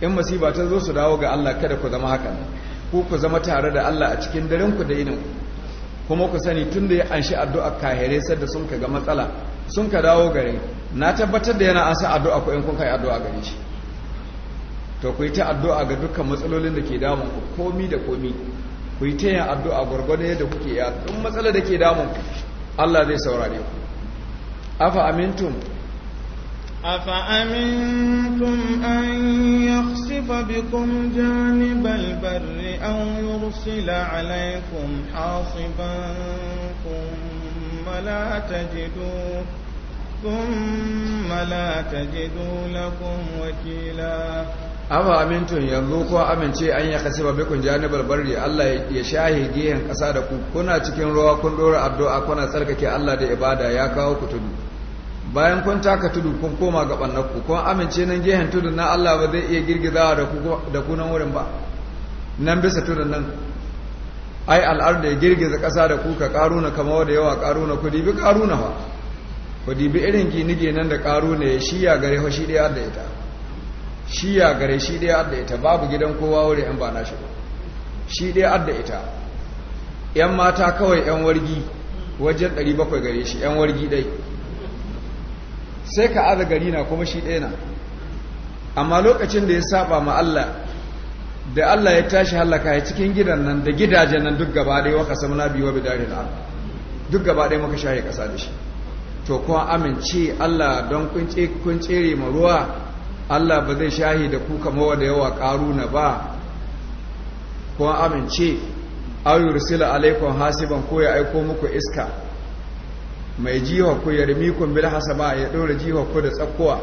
in masiba ta zo su dawo ga Allah kada ku zama hakan ku ku zama tare da Allah a cikin daren ku da ininku kuma ku sani tun da ya anshi addu'a sai da sun ka ga matsala sun ka dawo gare na tabbatar da yana an sa addu'a ku in kun kai addu'a gare shi to ku yi ta addu'a ga dukkan matsalolin da ke damun ku komi da komi ku yi ta yin addu'a gwargwadon da kuke ya duk matsala da ke damun ku Allah zai saurare ku afa amintum أفأمنتم أن يخسف بكم جانب البر أو يرسل عليكم حاصبا ثم لا تجدوا ثم لا تجدوا لكم وكيلا amintun yanzu ko amince an ya kasiba bikun janibal bari, Allah ya shahe gehen ƙasa da ku kuna cikin ruwa kun dora addu'a kuna tsarkake Allah da ibada ya kawo ku tudu bayan kun taka tudu kun koma ga ɓannarku kun amince nan gehen tudun na Allah ba zai iya girgizawa da ku nan wurin ba nan bisa tudun nan ai al'ar da ya girgiza ƙasa da ku ka ƙaruna kama da yawa ƙaruna ku dibi ƙaruna fa ku dibi irin ginige nan da ƙaruna ya shiya gare shi ɗaya da ita shiya gare shi ɗaya da ita babu gidan kowa wuri yan ba na shi ba shi ɗaya da ita yan mata kawai yan wargi wajen 700 gare shi yan wargi dai sai ka aza gari na kuma shi ɗaya na amma lokacin da ya saba ma Allah da Allah ya tashi hallaka ya cikin gidan nan da gidajen nan duk gaba ɗaya waka samuna biyu wa na duk gaba ɗaya muka shaye ƙasa da shi to kuma amince Allah don kun ma ruwa Allah ba zai shahi da ku kama da yawa ƙaru na ba kuma amince rusila alaikon hasiban ko ya aiko muku iska mai jiwa ku ya rimikun bil hasaba ya ɗora jiwa ku da tsakkuwa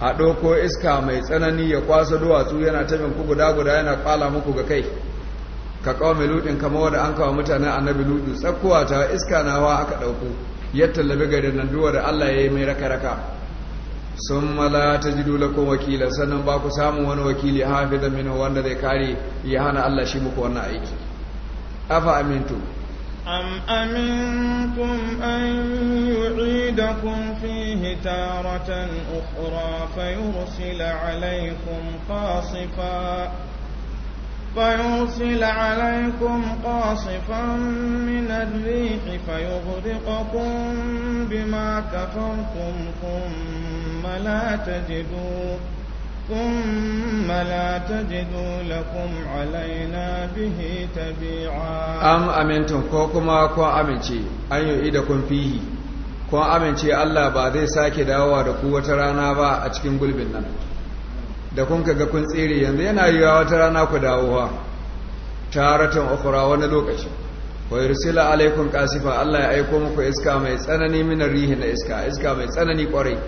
a ɗauko iska mai tsanani ya kwasa duwatsu yana tabin ku guda guda yana kwala muku ga kai ka kawo mai ludin kama wadda an kawo mutanen annabi ludu tsakkuwa ta iska na hawa aka ɗauko ya tallabi garin nan duwa da allah ya yi mai raka raka sun mala ta ji dole ko wakila sannan ba ku samun wani wakili hafi da minu wanda zai kare ya hana allah shi muku wannan aiki afa amintu أَمْ أَمِنْتُمْ أَنْ يُعِيدَكُمْ فِيهِ تَارَةً أُخْرَى فَيُرْسِلَ عَلَيْكُمْ قَاصِفًا فيرسل عليكم قاصفا من الريح فيغرقكم بما كفرتم ثم لا تجدوا ثم لا تجدوا لكم علينا به تبيعا أم أمنتم كوكما كو أمنتي أن يؤيدكم فيه kun amince Allah ba zai sake dawowa da ku wata rana ba a cikin gulbin nan da kun kaga kun tsere yanzu yana yiwa wata rana ku dawowa taratan ukhra wani lokaci wa yursila alaikum qasifa Allah ya aiko muku iska mai tsanani min rihi na iska iska mai tsanani kwarai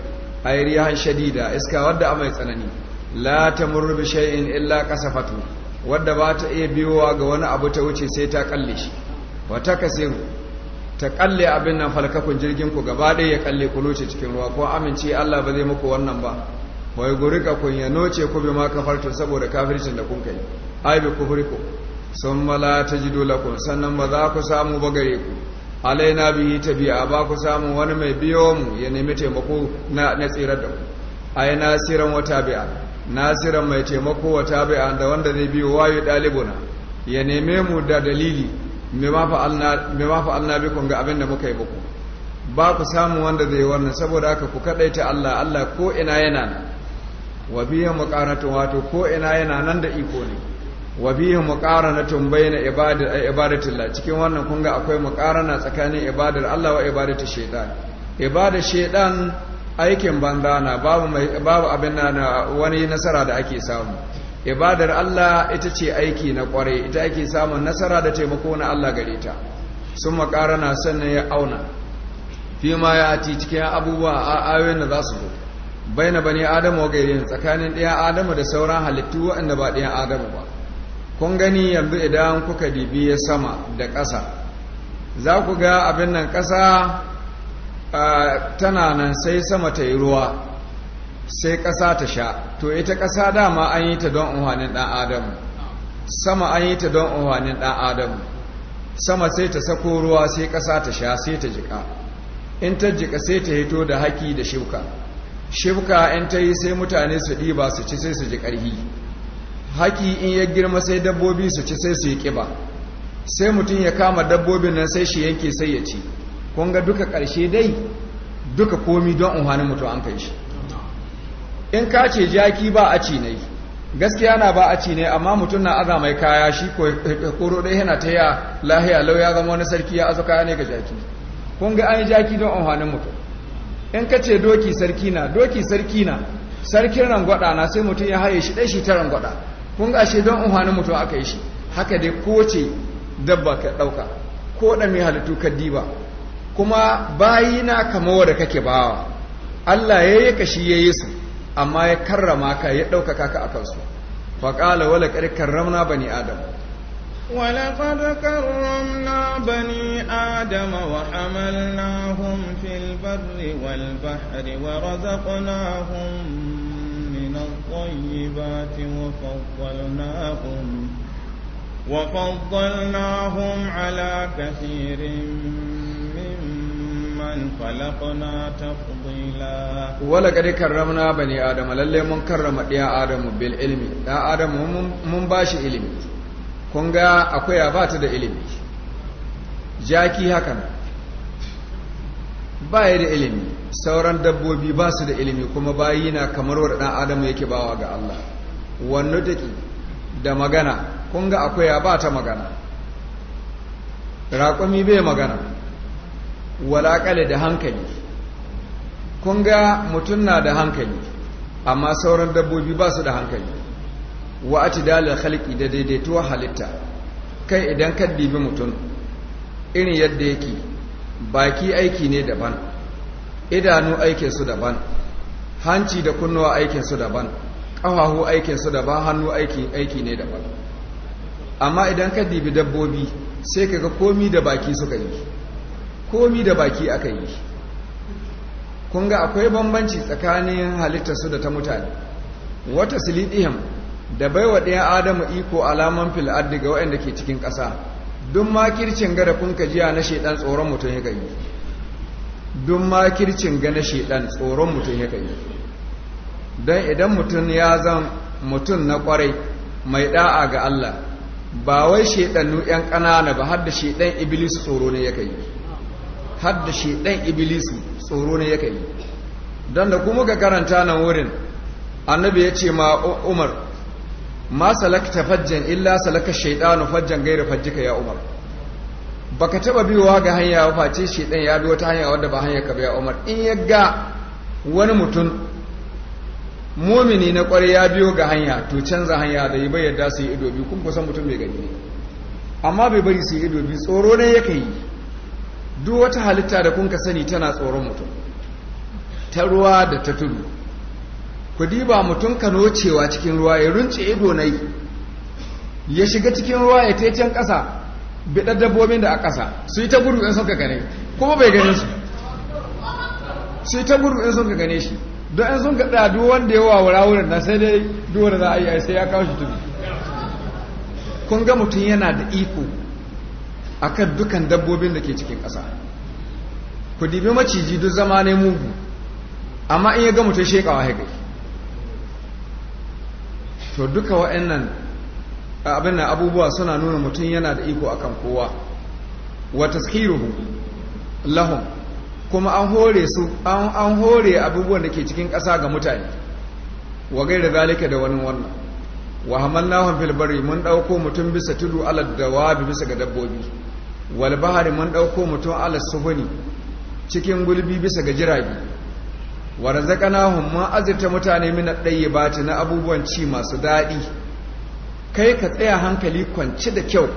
ay rihan shadida iska wadda mai tsanani la tamurru bi shay'in illa kasafatu wadda ba ta iya biyowa ga wani abu ta wuce sai ta kalle shi wa kasiru ta kalle abin nan falkakun jirgin ku gaba ɗaya ya kalle ku loce cikin ruwa ko amince Allah ba zai muku wannan ba wai gurika kun ya noce ku bi ma kafartu saboda kafircin da kun kai ai bi kufriku sun mala ta tajidu kun sannan ba za ku samu ba gare ku alaina ta biya ba ku samu wani mai biyo mu ya nemi taimako na tsirar da ku ai wata biya. nasiran mai taimako wa tabi'a da wanda zai biyo wayo dalibuna ya neme mu da dalili allah bi kun ga abin da muka yi buku ba ku samu wanda zai wannan saboda haka ku ta Allah Allah ko ina yana nan wa bihi muqaranatun wato ko ina yana nan da iko ne wa bihi muqaranatun bayna ibadati ibadatillah cikin wannan kun ga akwai muqarana tsakanin ibadar Allah wa ibadati shaidan. ibadar shaytan aikin banza na babu abin na wani nasara da ake samu ibadar Allah ita ce aiki na kwarai ita ake samun nasara da taimako na Allah gare ta sun makara na sannan ya auna fi ma ya ati cikin abubuwa a ayoyin da za su zo bai bani adamu wa gairin tsakanin ɗaya adamu da sauran halittu waɗanda ba ɗaya adamu ba kun gani yanzu idan kuka dibi sama da ƙasa za ku ga abin nan ƙasa tana nan sai sama ta yi ruwa sai ƙasa ta sha to ita ƙasa dama an yi ta don unhanin ɗan adamu sama an yi ta don unhanin ɗan adamu sama sai ta sako ruwa sai ƙasa ta sha sai ta jiƙa in ta jiƙa sai ta hito da haki da shibka shibka in ta yi sai mutane su ɗiba su ci sai su ji ƙarhi haki in ya girma sai dabbobi su ci sai su yi ƙiba sai mutum ya kama dabbobin nan sai shi yanke sai ya ci Kunga ga duka ƙarshe dai duka komi don unhanin mutum an kai shi in ka ce jaki ba a ci ne gaskiya na ba a ci ne amma mutum na aza mai kaya shi koro ɗaya yana ta ya lahiya lau ya zama wani sarki ya aza kaya ne ga jaki kun ga an yi jaki don unhanin mutum in ka ce doki sarki na doki sarki na sarkin rangwada na sai mutum ya haye shi dai shi ta rangwada kunga ga shi don unhanin mutum aka yi shi haka dai ko ce dabba ka ɗauka ko ɗan mai halittu ka diba kuma bayina kama wadda kake bawa Allah ya yi kashi ya yi su amma ya karrama ka ya ɗaukaka ka a kansu faƙala wala ƙari karramna bani adam ولقد كرمنا بني آدم وحملناهم في البر والبحر ورزقناهم من الطيبات وفضلناهم وفضلناهم على كثير man khalaqna tafdila wala kad karramna bani adama lalle mun karrama ɗaya adamu bil ilmi da adamu mun bashi ilimi kun ga akwai ya bata da ilimi jaki hakan ba ya da ilimi sauran dabbobi ba su da ilimi kuma bayi na kamar wa ɗan adamu yake bawa ga Allah wannan take da magana kun ga akwai ya bata magana raƙumi bai magana walakale da hankali kun ga mutum na da hankali amma sauran dabbobi ba su da hankali wa a dalar halki da daidaituwa halitta kai idan ka dibi mutum irin yadda yake baki aiki ne daban idanu aikinsu daban hanci da kunnuwa aikinsu daban ƙafahu aikinsu daban hannu aiki ne daban amma idan ka dibi dabbobi sai ka ga komi da baki suka yi komi da baki aka yi kunga kun ga akwai bambanci tsakanin halittarsu da ta mutane wata silidiyan da baiwa ɗaya adamu iko alaman fil'ad daga waɗanda ke cikin ƙasa don makircin ga da kun jiya na shaidan tsoron mutum ya kai don makircin ga shaidan tsoron mutum ya kai don idan mutum ya zan mutum na ƙwarai mai ɗa'a ga Allah ba wai shaidannu 'yan ƙanana ba har da shaidan iblis tsoro ne ya kai har da shedan iblisu tsoro ne yake yi dan da kuma ga karanta nan wurin annabi ya ce ma umar ma salakta fajjan illa salaka shaidanu fajjan gaira fajjika ya umar baka taba biyowa ga hanya ba face shaidan ya bi wata hanya wadda ba hanya ka biya umar in ya ga wani mutum mumini na kwarai ya biyo ga hanya to canza hanya da yi bayyada su yi ido kun kusan mutum mai gani amma bai bari su yi ido biyu tsoro ne yake yi duk wata halitta da kun ka sani tana tsoron mutum ta ruwa da ta tudu ku diba mutum ka nocewa cikin ruwa ya runce ido na yi ya shiga cikin ruwa ya tecen ƙasa biɗar dabbobin da a ƙasa su yi ta gudu in sun ka gane kuma bai gane su su yi ta gudu in sun ka gane shi don in sun ka ɗaya duk wanda ya wawura wurin na sai dai duk wanda za a yi sai ya kawo shi tudu kun ga mutum yana da iko akan dukan dabbobin da ke cikin ƙasa ku dibi maciji duk zama ne mugu amma in ya ga mutum shekawa ya gai to duka wa'annan abin abubuwa suna nuna mutum yana da iko akan kowa wa taskiruhu lahum kuma an hore su an hore abubuwan da ke cikin ƙasa ga mutane wa gaira zalika da wani wannan wa hamalnahum fil bari mun dauko mutum bisa tudu alad dawabi bisa ga dabbobi wal bahari mun ɗauko mutum ala subuni cikin gulbi bisa ga jirage wa razaqnahum ma azirta mutane min at na abubuwan ci masu daɗi kai ka tsaya hankali kwance da kyau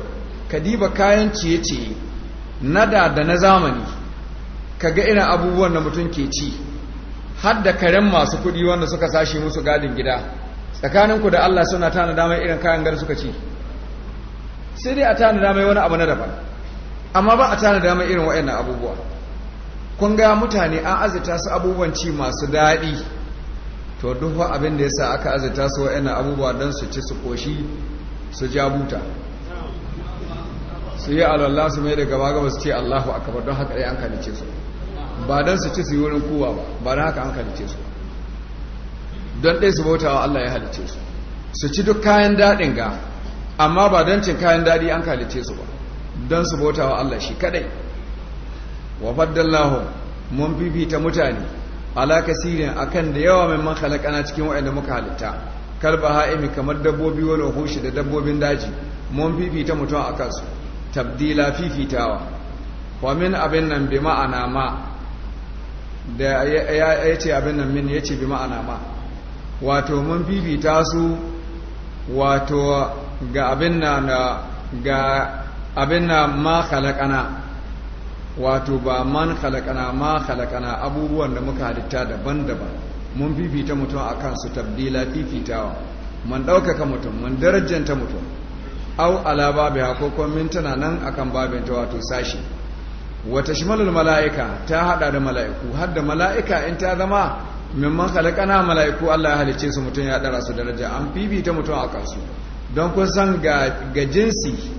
ka diba kayan ciye-ciye na da da na zamani ka ga irin abubuwan da mutum ke ci har da karen masu kuɗi wanda suka sashe musu gadin gida tsakaninku da Allah suna tana damar irin kayan gari suka ci sai dai a tana damar wani abu na daban amma ba a tana damar irin waɗannan abubuwa kun ga mutane an azita su abubuwan ci masu daɗi to duk abin da ya sa aka azita su waɗannan abubuwa don su ci su koshi su ja buta su yi alallah su mai da gaba gaba su ce allahu akabar don haka ya an kalice su ba don su ci su yi wurin kowa ba ba don haka an kalice su don ɗaya su bauta wa allah ya halice su su ci duk kayan daɗin ga amma ba don cin kayan daɗi an kalice su ba don su bauta wa Allah shi kadai wa faddallahu mun fifita mutane ala kasirin akan da yawa mai man halakana cikin waɗanda muka halitta kalba ha'imi kamar dabbobi wani hushi da dabbobin daji mun fifita mutum a kansu tabdila fifitawa wa min abin nan bi ma'ana ma da ya ce abin nan min ya ce bi ma'ana ma wato mun fifita su wato ga abin nan ga abin na ma khalaqana wato ba man khalaqana ma khalaqana abubuwan da muka halitta daban-daban mun fifita mutum a kansu tabdila fifitawa man ɗaukaka mutum man darajanta mutum au ala babi hakokon tana nan akan babinta wato sashi wata shimalul mala'ika ta hada da mala'iku har da mala'ika in ta zama mimman khalaqana mala'iku Allah ya halicce su mutum ya dara su daraja an fifita mutum a kansu don kun san ga jinsi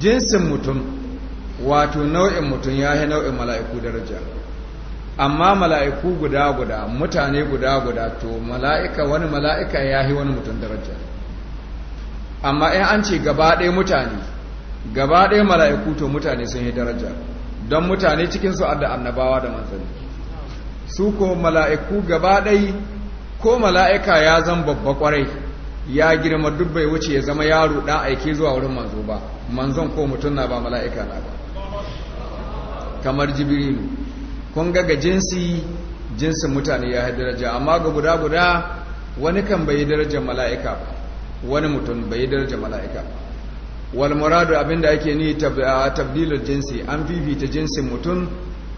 jinsin mutum wato nau'in mutum ya yi nau'in mala'iku daraja amma mala'iku guda guda mutane guda guda to mala'ika wani mala'ika ya yi wani mutum daraja amma in an ce gaba ɗaya mutane gaba ɗaya mala'iku to mutane sun yi daraja don mutane cikin su adda annabawa da manzanni su ko mala'iku gaba ɗai ko mala'ika ya zan babba ƙwarai ya girma dubbai wuce ya zama yaro ɗan aike zuwa wurin manzo ba manzon ko mutum na ba mala'ika na ba kamar jibirinu kun ga ga jinsi jinsin mutane ya yi daraja amma ga guda guda wani kan bai yi darajar mala'ika ba wani mutum bai yi darajar mala'ika ba wal muradu abinda ake ni tabbilar jinsi an fifita jinsin mutum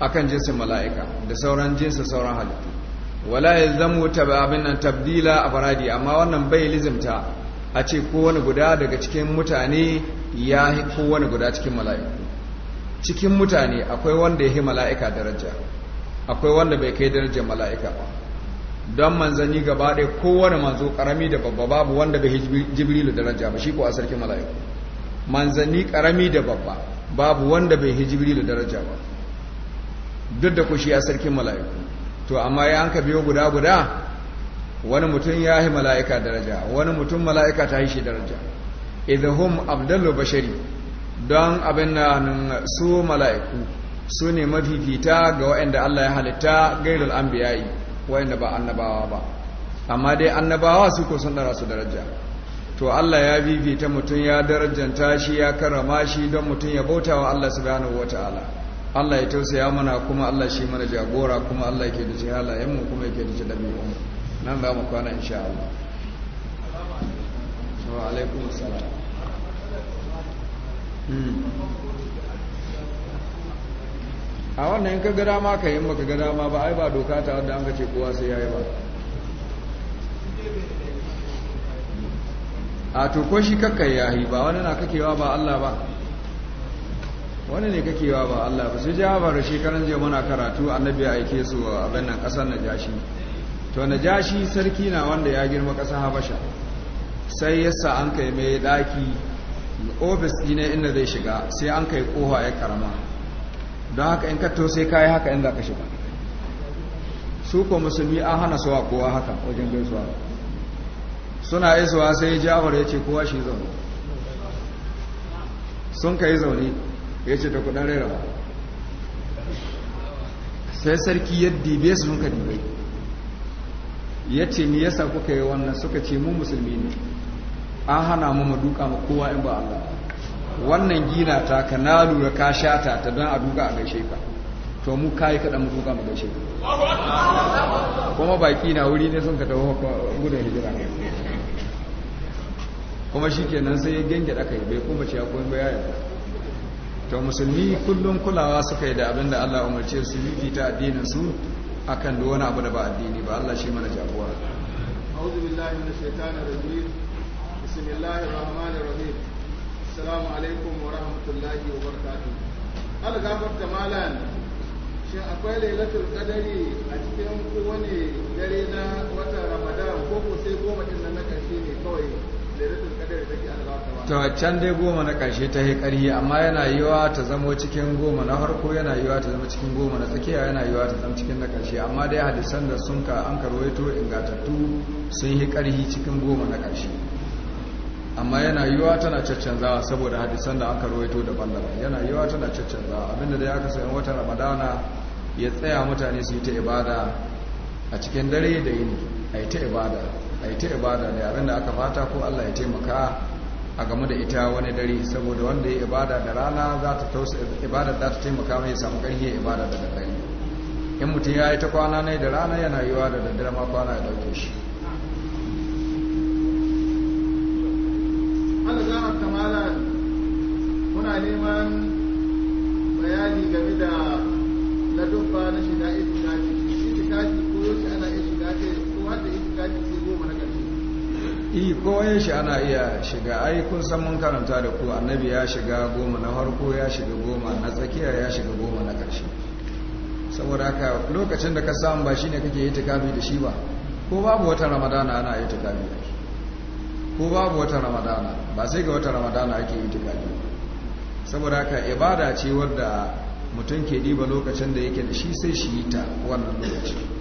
akan jinsin mala'ika da sauran jinsin sauran halittu wala yalzamu abin nan tabdila a faradi amma wannan bai lizimta a ce kowane guda daga cikin mutane ya yi kowane guda cikin mala'iku cikin mutane akwai wanda ya yi mala'ika daraja akwai wanda bai kai darajar mala'ika ba don manzanni gaba ɗaya kowane manzo ƙarami da babba babu wanda bai yi jibrilu daraja ba shi ko a sarki mala'iku manzanni ƙarami da babba babu wanda bai yi jibrilu daraja ba duk da ku shi a sarkin mala'iku to amma ya an ka biyo guda guda wani mutum ya yi mala'ika daraja wani mutum mala'ika ta yi shi daraja idahum abdullu bashari don abin na su mala'iku su ne mafifita ga wa’inda Allah ya halitta gairul an yi wa’inda ba annabawa ba amma dai annabawa su ko sun dara su daraja to Allah ya fifita mutum ya darajanta shi ya karrama shi don mutum ya bauta wa Allah subhanahu wa ta'ala Allah ya tausaya mana kuma Allah shi mana jagora kuma Allah ke da halayenmu kuma yake da ɗabi'unmu nan za mu kwana insha Allah wa alaikum salam hmm. a wannan ka ga dama ka yi maka ga dama ba ai ba doka ta wadda an ka ce kowa sai yayi ba a to ko shi kakka yi ba wani na kakewa ba Allah ba wani ne kakewa ba Allah ba su ja ba shekaran jiya muna karatu annabi ya aike su a bannan kasar jashi. to najashi sarki na wanda ya girma ƙasa habasha sai yasa an kai mai ɗaki ofis ne inda zai shiga sai an kai ƙoha ya karama don haka in katto sai kayi haka inda ka shiga su ko musulmi an hana suwa kowa haka wajen gaisuwa suna isuwa sai jawar ya ce kowa shi zaune sun kai zaune ya ce ta kudin rera sai sarki yadda bai su sun ka dibai ya ce me yasa kuka yi wannan suka ce mu musulmi ne an hana mu mu duka ma kowa in ba Allah wannan gina ta ka na lura ka shata ta don a duka a gaishe ka to mu kayi kaɗan mu duka mu gaishe kuma baki na wuri ne sun ka taho gudun hijira kuma shi nan sai ya aka yi kai bai kuma ce akwai koyi ba ya to musulmi kullum kulawa suka yi da abin da Allah umarce su yi ta addinin su akan da wani abu da ba addini ba Allah shi mana jagora أعوذ بالله من الشيطان الرجيم بسم الله الرحمن الرحيم السلام عليكم ورحمة الله shin akwai lailatul qadari a cikin kowane dare na watan ramadan ko ko sai goma din nan na karshe ne kawai ta can dai goma na ƙarshe ta yi ƙarhi amma yana yiwa ta zamo cikin goma na harko yana yiwa ta zama cikin goma na tsakiya yana yiwa ta zama cikin na ƙarshe amma dai hadisan da sun ka an karwaito ingatattu sun yi ƙarhi cikin goma na ƙarshe amma yana yiwa tana caccanzawa saboda hadisan da an karwaito daban-daban yana yiwa tana caccanzawa abinda dai aka sayan watan ramadana ya tsaya mutane su yi ta ibada a cikin dare da yini a yi ta ibada a yi ta ibada da abin da aka fata ko Allah ya taimaka a game da ita wani dare saboda wanda ya ibada da rana za ta tausa ibada za ta taimaka mai samu ƙarfi ya ibada da daddare in mutum ya yi ta kwana ne da rana yana yiwa da daddare ma kwana ya ɗauke shi Allah za a kamala muna neman bayani game da ladubba na shiga itikafi itikafi ko yaushe ana iya shiga ta ko har da itikafi iya eh, kowa shi ana iya shiga ai kun san mun karanta da ku annabi ya shiga goma na farko ya shiga goma na tsakiya ya shiga goma na ƙarshe saboda haka lokacin da ka samu ba shine kake itikafi da shi ba ko babu wata ramadana ana yi itikafi da shi ko babu wata ramadana ba sai ga wata ramadana ake shi saboda haka ibada ce wadda mutum ke diba lokacin da yake da shi sai shi yi ta wannan lokacin.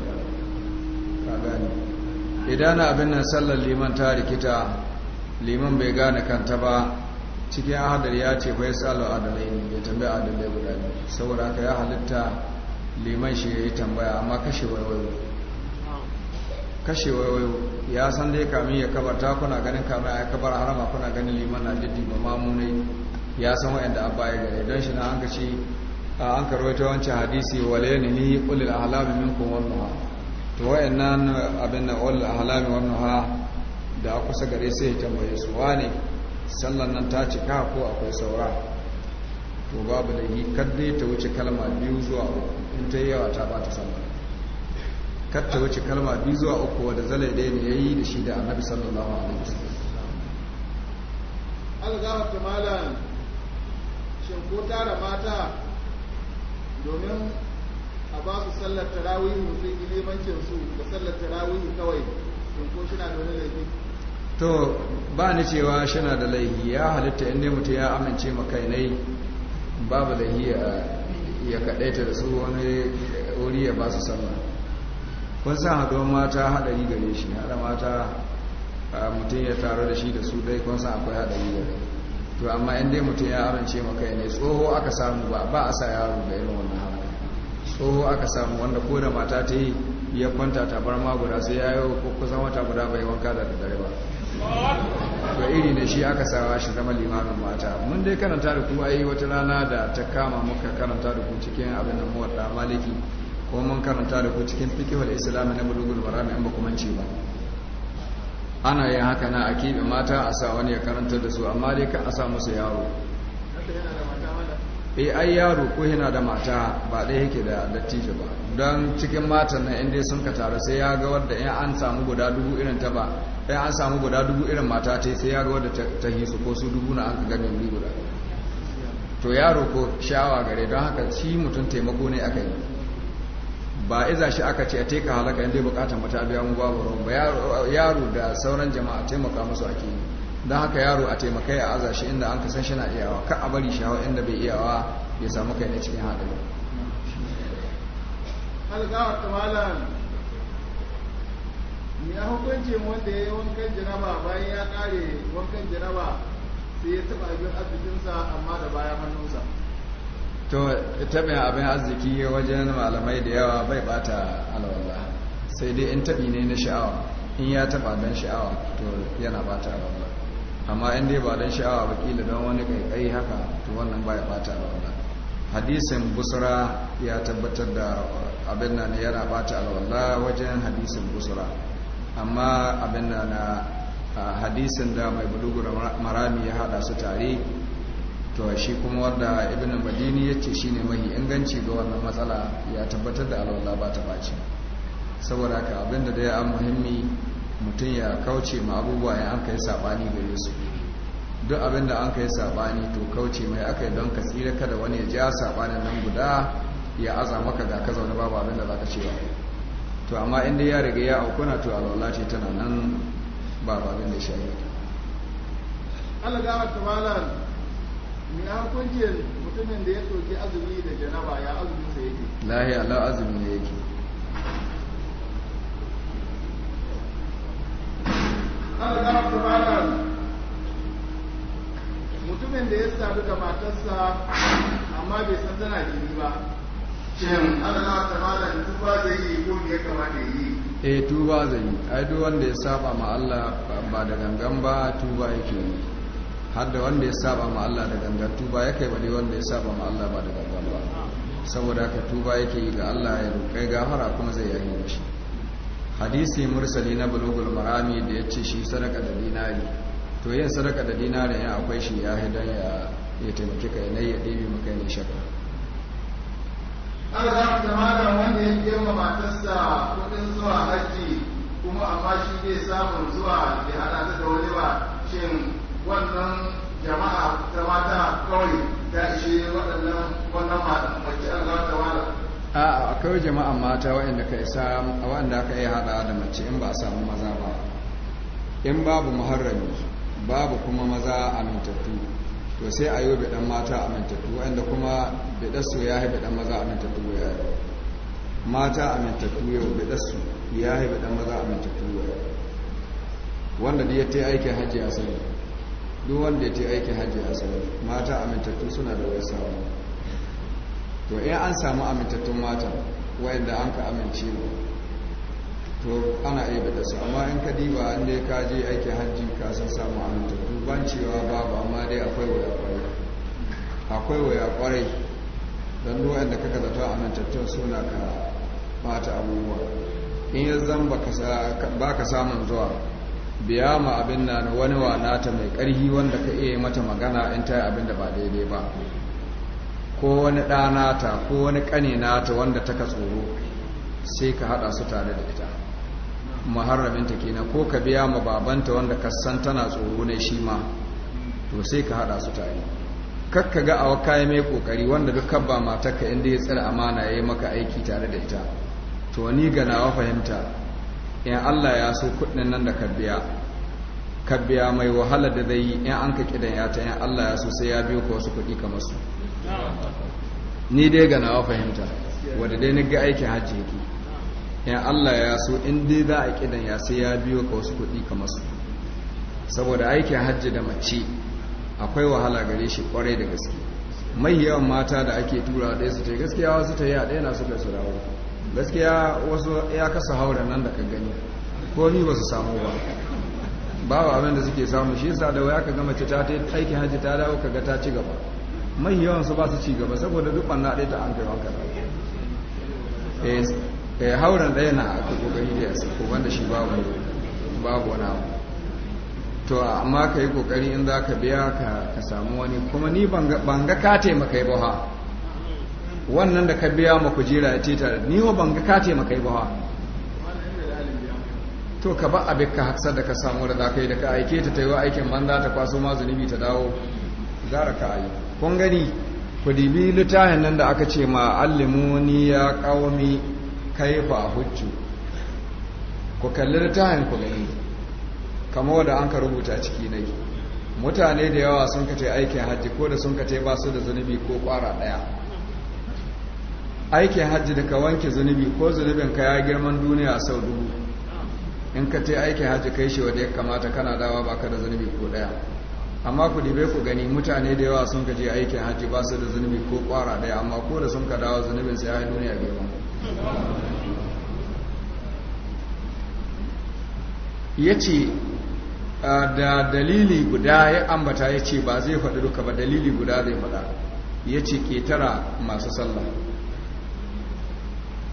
a gani idan abin nan sallar liman ta rikita liman bai gane kanta ba cikin ahadar ya ce bai tsalo adalai ne ya tambaya adalai guda ne saboda haka ya halitta liman shi ya yi tambaya amma kashe waiwayo kashe waiwayo ya san dai kamin ya ta kuna ganin kamin ya kabar harama kuna ganin liman na diddi ba mamunai ya san wa'anda abba ya gare don shi na an ka ce an karwaita wancan hadisi wale ne ni kulil min kuma wannan to wayannan abin da wal halami wa ha da kusa gare sai ya tambaye su ne sallan nan ta cika ko akwai saura to babu da yi kadda ta wuce kalma biyu zuwa uku in ta yi yawa ta ba ta sallah kar ta wuce kalma biyu zuwa uku wanda zalai dai ne yayi da shi da annabi sallallahu alaihi wasallam ta tumalan shin ko tara mata domin a ba su sallar tarawih mutum ilimancin su da sallar tarawih kawai in ko shi na da wani laifi to ba ni cewa shi na da laifi ya halitta in ne mutum ya amince ma kainai babu laifi ya kaɗaita da su wani wuri ya ba su sallar kun san haɗuwar mata haɗari gare shi haɗa mata mutum ya taru da shi da su dai kun san akwai haɗari gare to amma in dai mutum ya amince ma ne, tsoho aka samu ba ba a sa yaro da irin wannan tsoho aka samu wanda ko da mata ta yi ya kwanta tabarma guda sai ya yi kusan wata guda bai wanka da dare ba to iri ne shi aka sawa shi zama limamin mata mun dai karanta da ku ai wata rana da ta kama muka karanta da ku cikin abin da da maliki ko mun karanta da ku cikin islam na bulugul maram in ba ba ana yin haka na a kibe mata a sa wani ya karanta da su amma dai ka a sa musu yaro eh ai yaro ko yana da mata ba ɗaya yake da dattijo ba don cikin matan na inda sun ka taru sai ya ga wadda in an samu guda dubu irin ta ba in an samu guda dubu irin mata ta sai ya ga wadda ta hisu ko su dubu na an ka gani wuri guda to yaro ko shawa gare don haka shi mutum taimako ne aka yi ba iza shi aka ce a teka halaka inda ya bukatar mata biya mu babu ba yaro da sauran jama'a taimaka musu ake yi don haka yaro a taimakai a aza shi inda an kasan shi na iyawa ka a bari shi hawa inda bai iyawa ya samu kai na cikin haɗari algawar kamalan ya hukuncin wanda ya yi wankan janaba bayan ya ƙare wankan janaba sai ya taɓa abin arzikinsa amma da bayan hannunsa to taɓin abin arziki wajen malamai da yawa bai bata alwala sai dai in taɓi ne na sha'awa in ya taɓa don sha'awa to yana bata alwala amma in dai ba don sha'awa ba kila don wani kai haka to wannan baya bata alwala hadisin busra ya tabbatar da abin nan yana bata wallah wajen hadisin busra amma abin nan na hadisin da mai bulugur marami ya hada su tare to shi kuma wanda ibn madini ya ce shine mahi inganci ga wannan matsala ya tabbatar da alwala ba ta bace saboda ka abinda da ya an muhimmi mutum ya kauce ma abubuwa ya an kai sabani gare su duk abin da an kai sabani to kauce mai aka yi don ka tsira kada wani ya ja sabanin nan guda ya aza maka ga ka zaune babu abin da za ka ce ba to amma inda ya riga ya aukuna to alwala ce tana nan babu abin da shi Allah ga ta malam me hukuncin mutumin da ya soki azumi da janaba ya azumi sa yake lahi Allah azumi ne yake mutumin da ya sadu da matarsa amma bai san tana jini ba shin Allah ta mala tuba zai yi ko me ya kamata yi eh tuba zai yi ai duk wanda ya saba ma Allah ba da gangan ba tuba yake yi har da wanda ya saba ma Allah da gangan tuba ya kai bane wanda ya saba ma Allah ba da gangan ba saboda haka tuba yake yi ga Allah ya roƙai gafara kuma zai yi shi. hadisi mursali na bulugul marami da ya ce shi saraka da dinari to yin saraka da dinari ya akwai shi ya hidan ya ya taimaki kai na ya ɗebe maka ne shakka an za ta mata wanda ya ke ma matarsa kudin zuwa haji kuma amma shi bai samun zuwa da hana ta da wani ba shin wannan jama'a ta mata kawai ta ishe waɗannan wannan mata mace an za ta mata a akwai jama'a mata waɗanda ka isa waɗanda aka yi hada da mace in ba a samu maza ba in babu muharrami babu kuma maza mintattu to sai a yi bidan mata mintattu waɗanda kuma bidassu ya yi dan maza mintattu ya yi mata a mintattu yau bidassu ya yi dan maza mintattu ya yi wanda da ya ta aikin hajji sani, duk wanda ya ta aikin hajji sani, mata mintattu suna da wai samu to in an samu amintattun matan wayanda an ka amince mu to ana iya bada su amma in ka diba an dai ka je aikin hajji ka san samu amintattu ban cewa babu amma dai akwai waya kwarai akwai waya kwarai don duwayen da kaka zato amintattun suna ka bata abubuwa in ya zan ba ka samun zuwa biya ma abin na wani wa nata mai ƙarhi wanda ka iya mata magana in ta yi abin da ba daidai ba ko wani ɗanata ko wani ƙaninata wanda ka tsoro sai ka haɗa su tare da ita muharraminta kenan ko ka biya ma babanta wanda ka san tana tsoro ne shi ma to sai ka haɗa su tare kakka ga waka ya mai ƙoƙari wanda duk kabba matarka inda ya tsira amana ya yi maka aiki tare da ita to ni ga nawa fahimta in Allah ya so kuɗin nan da ka biya mai wahala da zai yi in an ka kidan ya ta in Allah ya so sai ya biyo ka wasu kuɗi kamar su ni dai ga nawa fahimta wadda dai na ga aikin hajji yake in Allah ya so in dai za a kidan ya sai ya biyo ka wasu kuɗi kamar su saboda aikin hajji da mace akwai wahala gare shi kwarai da gaske mai yawan mata da ake tura da su ta gaskiya wasu ta yi a ɗaya na suka su dawo gaskiya wasu ya kasa haura nan da ka gani ko ni ba su samu ba babu abin da suke samu shi yasa da waya ka gama ta ta aikin hajji ta dawo ka ga ta ci gaba mai yawan su ba su ci gaba saboda duk wanda ɗaya ta an kai wanka eh, eh hauren ɗaya na aka kokari da yasa ko wanda shi babu babu wani abu to amma ka yi kokari in za ka biya ka samu wani kuma ni ban ga ka taimaka ba ha wannan da ka biya ma jira ya ce tare ni ban ga ka taimaka ba ha to ka ba abin ka haksar da ka samu da za ka yi da ka aike ta ta yi aikin banza ta kwaso ma zunubi ta dawo gara ka ayi kun gani ku dibi littafin nan da aka ce ma allimuni ya kai kaifa hujju ku kalli littafin ku gani kamar wanda an ka rubuta ciki ne mutane da yawa sun kace aikin hajji ko da sun kace ba su da zunubi ko kwara daya aikin hajji da ka wanke zunubi ko zunubin ka ya girman duniya sau dubu in ka ce aikin hajji kai shi wanda ya kamata kana dawa baka da zunubi ko daya amma ku dibe ku gani mutane da yawa sun kaje aikin hajji ba su da zunubi ko kwara daya amma ko da sun ka dawo zunubin sai ya duniya gefen ya ce da dalili guda ya ambata ya ce ba zai faɗi duka ba dalili guda zai faɗa ya ce ketara masu sallah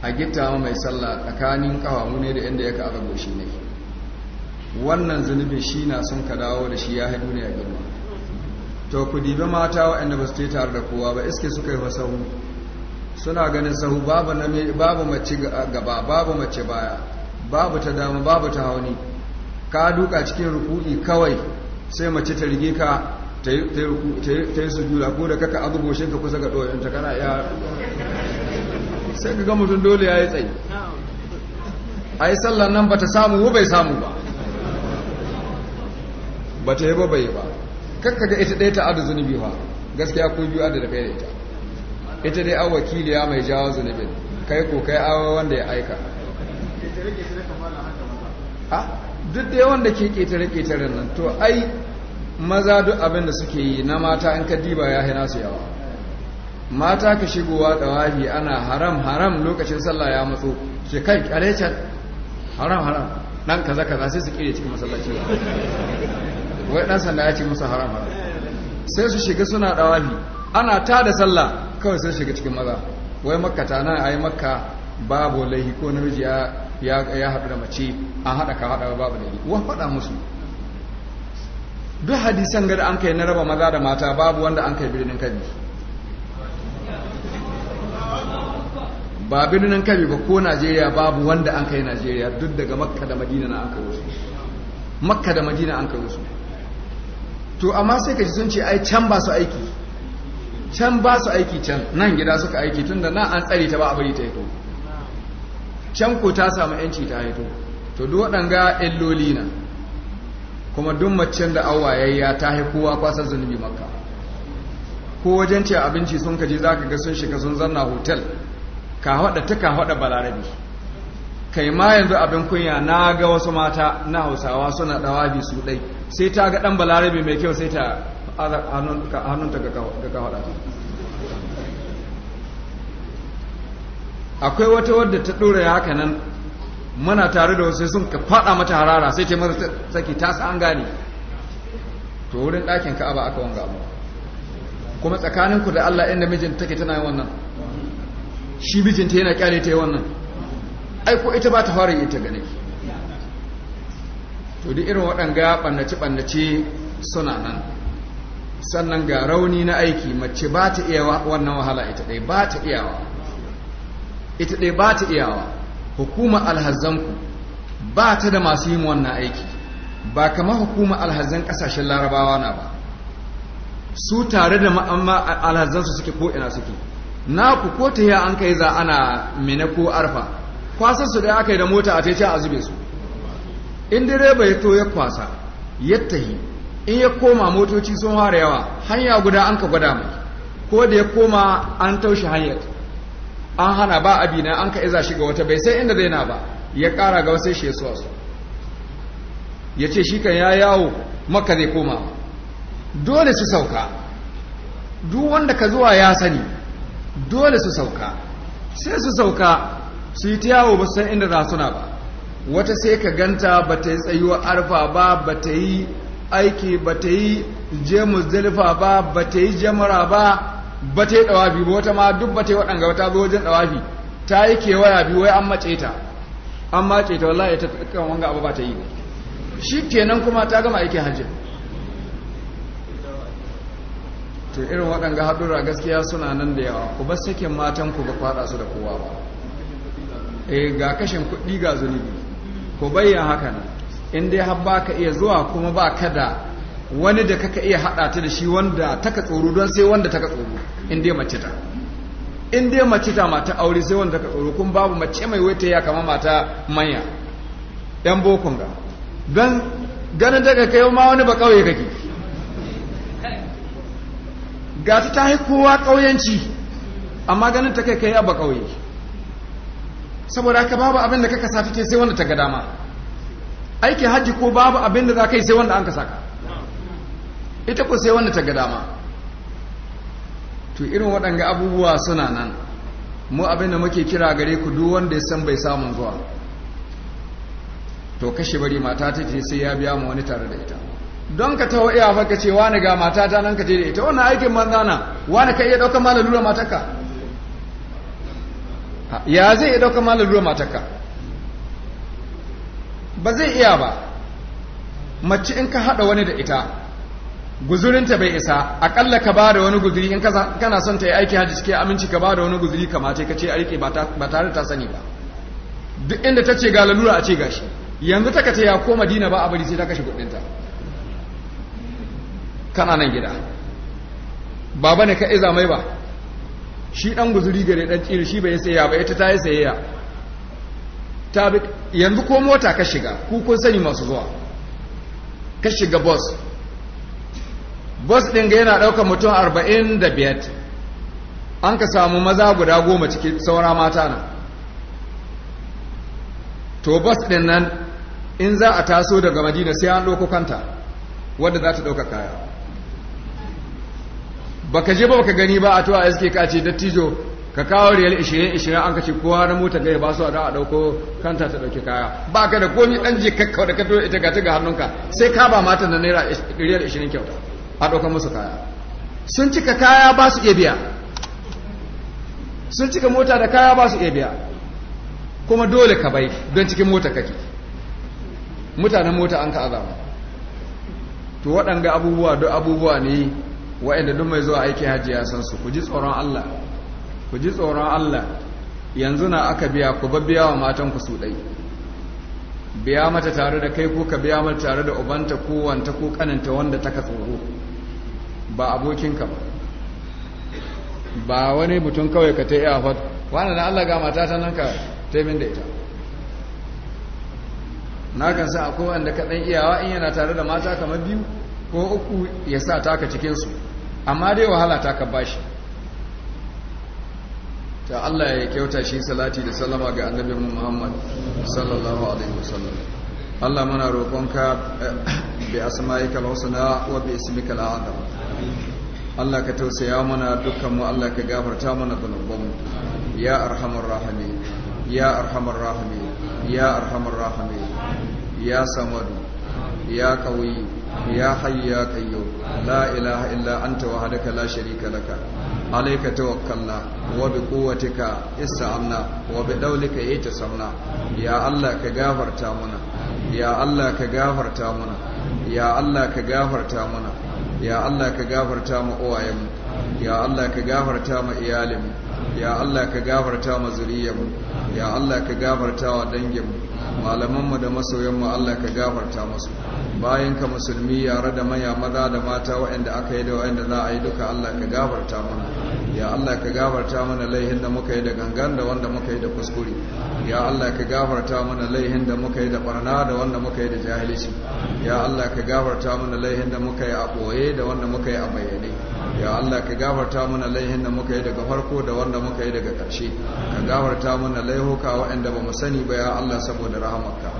a gita mai sallah tsakanin kawamu ne da inda ya ka aka goshi ne wannan zunubin shi na sun ka dawo da shi ya haɗu ne a girma to ku dibe mata waɗanda ba su ce tare da kowa ba iske suka yi sahu suna ganin sahu babu mace gaba babu mace baya babu ta dama babu ta hauni ka duka cikin ruku'i kawai sai mace ta rige ka ta yi sujuda ko da kaka azuboshin ka kusa ga ɗoyin ta kana ya sai ka ga mutum dole ya yi tsayi a yi sallan nan ba ta samu ko bai samu ba ba ta yi ba bai ba kakka ga ita ɗaya ta adu zunubi ba gaskiya ko biyu adu da ɗaya ta ita ita dai an wakiliya mai jawo zunubin kai ko kai awa wanda ya aika Duk ah, duk dai wanda ke ƙetare ƙetare nan to ai maza duk abin da suke yi na mata in ka diba ya hina su yawa mata ka shigowa wahi ana haram haram lokacin sallah ya matso ke kai can haram haram ɗan kaza kaza sai su kire cikin masallaci wai dan sanda ya ce musu haram sai su shiga suna dawafi ana ta da sallah kawai sai shiga cikin maza wai makka ta nan yi makka babu laihi ko namiji ya ya haɗu da mace an haɗa ka haɗa babu laihi wa faɗa musu duk hadisan gada an kai na raba maza da mata babu wanda an kai birnin kabi ba birnin kabi ba ko najeriya babu wanda an kai najeriya duk daga makka da madina na an kai wasu makka da madina an kai wasu to amma sai ka ji sun ce ai can ba su aiki can ba su aiki can nan gida suka aiki tun da nan an tsare ta ba a bari ta to can ko ta samu yanci ta yi to duk waɗanga illoli na kuma duk macen da awa ya ta kowa kwasar zunubi makka ko wajen ce abinci sun kaji za ka ga sun shiga sun zanna hotel ka haɗa ta ka haɗa balarabi kai ma yanzu abin kunya na ga wasu mata na hausawa suna dawabi su ɗai sai ta ga ɗan balarabe mai kyau sai ta hannunta ga kafaɗa akwai wata wadda ta ɗora ya haka nan muna tare da wasu sun ka faɗa mata harara sai ta mara tsaki ta sa an gane to wurin ɗakin ka aba aka wanga mu kuma tsakaninku da Allah inda mijin take tana yi wannan shi mijinta yana kyale ta yi wannan ai ko ita ba ta fara yi ta gane to duk irin waɗanga ɓannace-ɓannace suna nan sannan ga rauni na aiki mace ba ta iya wannan wahala ita ɗai ba ta iyawa ita ɗai ba ta iyawa hukuma alhazanku ba ta da masu yin wannan aiki ba kama hukuma alhazan ƙasashen larabawa na ba su tare da ma'amma alhazansu suke ko'ina suke ku ko ta yi an kai za ana mene ko arfa kwasansu da aka yi da mota a tece a zube su in direba ya to ya kwasa tahi in ya koma motoci sun fara yawa hanya guda an ka gwada mai ko da ya koma an taushe hanyar an hana ba abi na an ka iza shi ga wata bai sai inda zai na ba ya kara ga wasu shi ya ya ce shi kan ya yawo maka zai koma dole su sauka duk wanda ka zuwa ya sani dole su sauka sai su sauka su yi ta yawo ba san inda za suna ba wata sai ka ganta ba ta yi tsayuwa arfa ba ba ta yi aiki ba ta yi jemus muzdalifa ba ba ta yi jamara ba ba ta yi dawafi ba wata ma duk ba ta yi waɗanga ba ta zo wajen dawafi ta yi kewaya biyu wai an mace ta an mace ta wallahi ta kan wanga abu ba ta yi shi kenan kuma ta gama aikin hajji to irin waɗanga haɗura gaskiya suna nan da yawa ku bar sakin matan ku ba kwaɗa su da kowa ba eh ga kashin kuɗi ga zunubi ko bayyana haka nan in dai har ka iya zuwa kuma ba ka da wani da kaka iya haɗa ta da shi wanda ka tsoro don sai wanda ka tsoro in dai mace ta in dai mace ta mata aure sai wanda ka tsoro kuma babu mace mai waita ya kama mata manya yan bokon ga don ganin daga kai ma wani ba kauye kake ga ta ta kowa kauyanci amma ganin ta kai kai ba ƙauye. saboda haka babu abin da kaka sa take sai wanda ta ga dama aiki hajji ko babu abin da za ka yi sai wanda an kasa ka ita ko sai wanda ta ga dama to irin waɗanga abubuwa suna nan mu abin da muke kira gare ku duk wanda ya san bai samun zuwa to kashe bari mata ta ce sai ya biya mu wani tare da ita don ka taho iya fa ka ce wani ga mata ta nan ka je da ita wannan aikin manzana wani ka iya ɗaukar malalura matarka ya zai iya ɗaukar malar ruwa matarka ba zai iya ba mace in ka haɗa wani da ita guzurinta bai isa aƙalla ka ba da wani guzuri in kana son ta yi aiki hajji cike aminci ka ba da wani guzuri kamata ka ce a ba tare ta sani ba duk inda ta ce ga lalura a ce gashi yanzu ta kace ya koma dina ba a bari sai ta kashe kuɗinta kana nan gida baba ne ka iza mai ba shi ɗan guzuri gare ɗan tsiri shi bai tsaye ba ita ta yi sayayya ta bi yanzu ko mota ka shiga ku kun sani masu zuwa ka shiga bus bus ɗin ga yana ɗaukar mutum 45 an ka samu maza guda goma cikin saura mata na to bus ɗin nan in za a taso daga madina sai an ɗauko kanta wadda za ta ɗauka kaya Ba ka je ba ka gani ba a to a suke ka ce dattijo ka kawo riyal 20 20 an ka ce kowa na mota gaya ba su a da dauko kanta ta dauke kaya ba ka da komi dan je kakkau da ka ita ga ta ga hannunka sai ka ba matan na naira riyal 20 kyauta a dauka musu kaya sun cika kaya ba su iya biya sun cika mota da kaya ba su iya biya kuma dole ka bai don cikin mota kake mutanen mota an ka azama to waɗanga abubuwa duk abubuwa ne Wa'inda duk mai zuwa aiki hajji ya san su ku ji tsoron Allah ku ji tsoron Allah yanzu na aka biya ku biya wa matan ku su dai biya mata tare da kai ko ka biya mata tare da ubanta ko wanta ko kananta wanda ta ka tsoro ba abokinka ba ba wani mutum kawai ka ta yi a fat wani na Allah ga mata ta nan ka ta min da ita na kan sa akwai wanda ka dan iyawa in yana tare da mata kamar biyu ko uku ya sa taka cikinsu amma dai wahala ta ka bashi ta Allah ya kyauta shi salati da salama ga annabin Muhammad sallallahu alaihi wasallam Allah muna roƙonka eh, bi asma'ikal husna wa bi ismikal azam Allah ka tausaya mana dukkan mu Allah ka gafarta mana zanubanmu ya arhamar rahimin ya arhamar rahimin ya arhamar rahimin ya samadu ya qawi ya hayyu ya qayyum la ilaha illa anta wahdaka la sharika laka alayka tawakkalna wa bi quwwatika ista'anna wa bi dawlika yatasamna ya allah ka gafarta mana ya allah ka gafarta mana ya allah ka gafarta mana ya allah ka gafarta mu uwayenmu ya allah ka gafarta mu iyalinmu ya allah ka gafarta mu zuriyarmu ya allah ka gafarta wa danginmu malamanmu da masoyanmu Allah ka gafarta musu bayan ka musulmi yare da maya maza da mata waɗanda aka yi da waɗanda za a yi duka Allah ka gafarta mana ya Allah ka gafarta mana laihin da muka yi da gangan da wanda muka yi da kuskure ya Allah ka gafarta mana laihin da muka yi da barna da wanda muka yi da jahilci ya Allah ka gafarta mana laihin da muka yi a ɓoye da wanda muka yi a bayyane ya Allah ka gafarta mana laihin da muka yi daga farko da wanda muka yi daga ƙarshe ka gafarta mana laihuka waɗanda ba mu sani ba ya Allah saboda rahamarka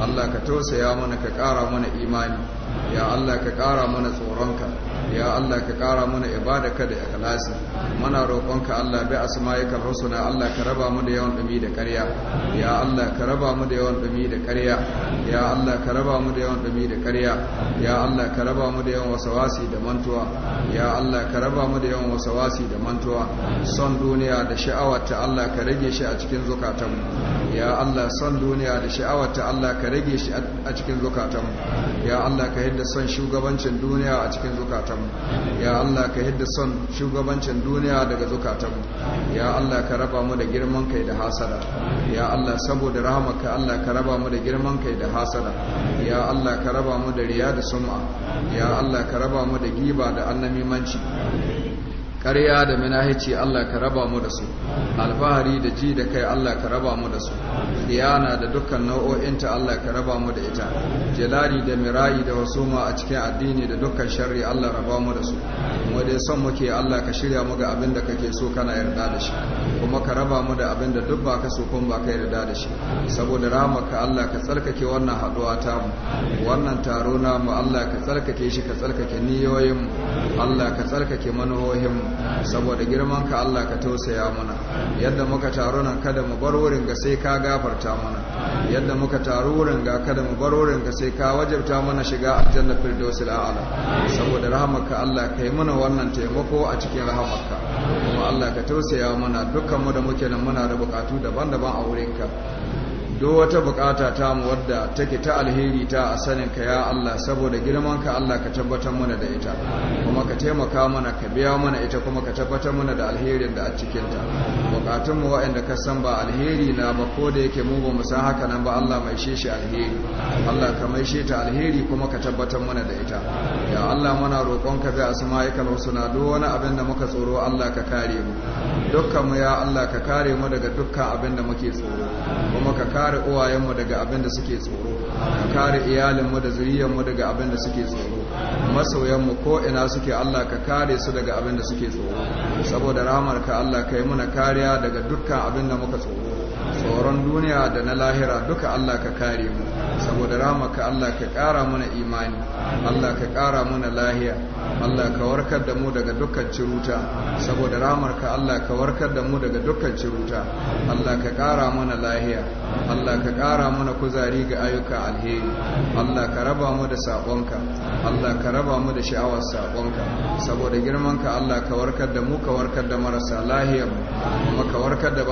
Allah ka tausaya mana ka ƙara mana imani ya Allah ka ƙara mana tsoronka ya Allah ka kara mana ibadaka da ikhlasi muna roƙonka Allah bi asma'ikal husna Allah ka raba mu da yawan dumi da ƙarya ya Allah ka raba mu da yawan dumi da ƙarya ya Allah ka raba mu da yawan dumi da ƙarya ya Allah ka raba mu da yawan wasawasi da mantuwa ya Allah ka raba mu da yawan wasawasi da mantuwa son duniya da sha'awar ta Allah ka rage shi a cikin zukatanmu ya Allah son duniya da sha'awar ta Allah ka rage shi a cikin zukatanmu ya Allah ka yadda son shugabancin duniya a cikin zukatanmu zukatanmu ya Allah ka hidda son shugabancin duniya daga zukatanmu ya Allah ka raba mu da girman kai da hasada ya Allah saboda rahamarka Allah ka raba mu da girman kai da hasara ya Allah ka raba mu da riya da sum'a ya Allah ka raba mu da giba da manci ƙarya da minahici Allah ka raba mu da su alfahari da ji da kai Allah ka raba mu da su na da dukkan nau'o'inta Allah ka raba mu da ita jelari da mirayi da wasuma a cikin addini da dukkan sharri Allah raba mu da su mu dai son muke Allah ka shirya mu ga abin da kake so kana yarda da shi kuma ka raba mu da abin da duk ba ka so kun ba yarda da shi saboda ramaka Allah ka tsarkake wannan haɗuwa ta mu wannan taro na mu Allah ka tsarkake shi ka tsarkake niyoyin mu Allah ka tsarkake manohohin mu saboda girman ka Allah ka tausaya mana yadda muka taru nan kada mu bar wurin ga sai ka gafarta mana yadda muka taru wurin ga kada mu bar wurin ga sai ka wajabta mana shiga aljanna firdausil a'la saboda ka Allah kai mana wannan taimako a cikin rahamarka kuma Allah ka tausaya mana dukkan mu da muke nan muna da bukatu daban-daban a wurinka do wata bukata ta mu wadda take ta alheri ta a sanin ka ya Allah saboda girman ka Allah ka tabbatar mana da ita kuma ka taimaka mana ka biya mana ita kuma ka tabbatar mana da alherin da a cikin ta bukatun mu waɗanda ka san ba alheri na ba ko da yake mu ba mu san haka nan ba Allah mai shi shi alheri Allah ka mai shi ta alheri kuma ka tabbatar mana da ita ya Allah muna roƙon ka bi asma'ikal husna do wani abin da muka tsoro Allah ka kare mu dukkan mu ya Allah ka kare mu daga dukkan abin da muke tsoro kuma ka kare kare uwayenmu daga abin da suke tsoro ka kare iyalinmu da zuriyarmu daga abin da suke tsoro masoyanmu ko ina suke Allah ka kare su daga abin da suke tsoro saboda ka Allah ka muna kariya daga dukkan abin da muka tsoro tsoron duniya da na lahira duka Allah ka kare mu saboda ka Allah ka kara mana imani Allah ka ƙara mana lahiya Allah ka warkar da mu daga dukkan ciruta saboda ka Allah ka warkar da mu daga dukkan ciruta Allah ka kara mana lahiya Allah ka ƙara mana kuzari ga ayyuka alheri Allah ka raba mu da sabonka Allah ka raba mu da sha'awar sabonka saboda girmanka Allah ka warkar da mu ka warkar da marasa lahiyar mu kuma ka warkar da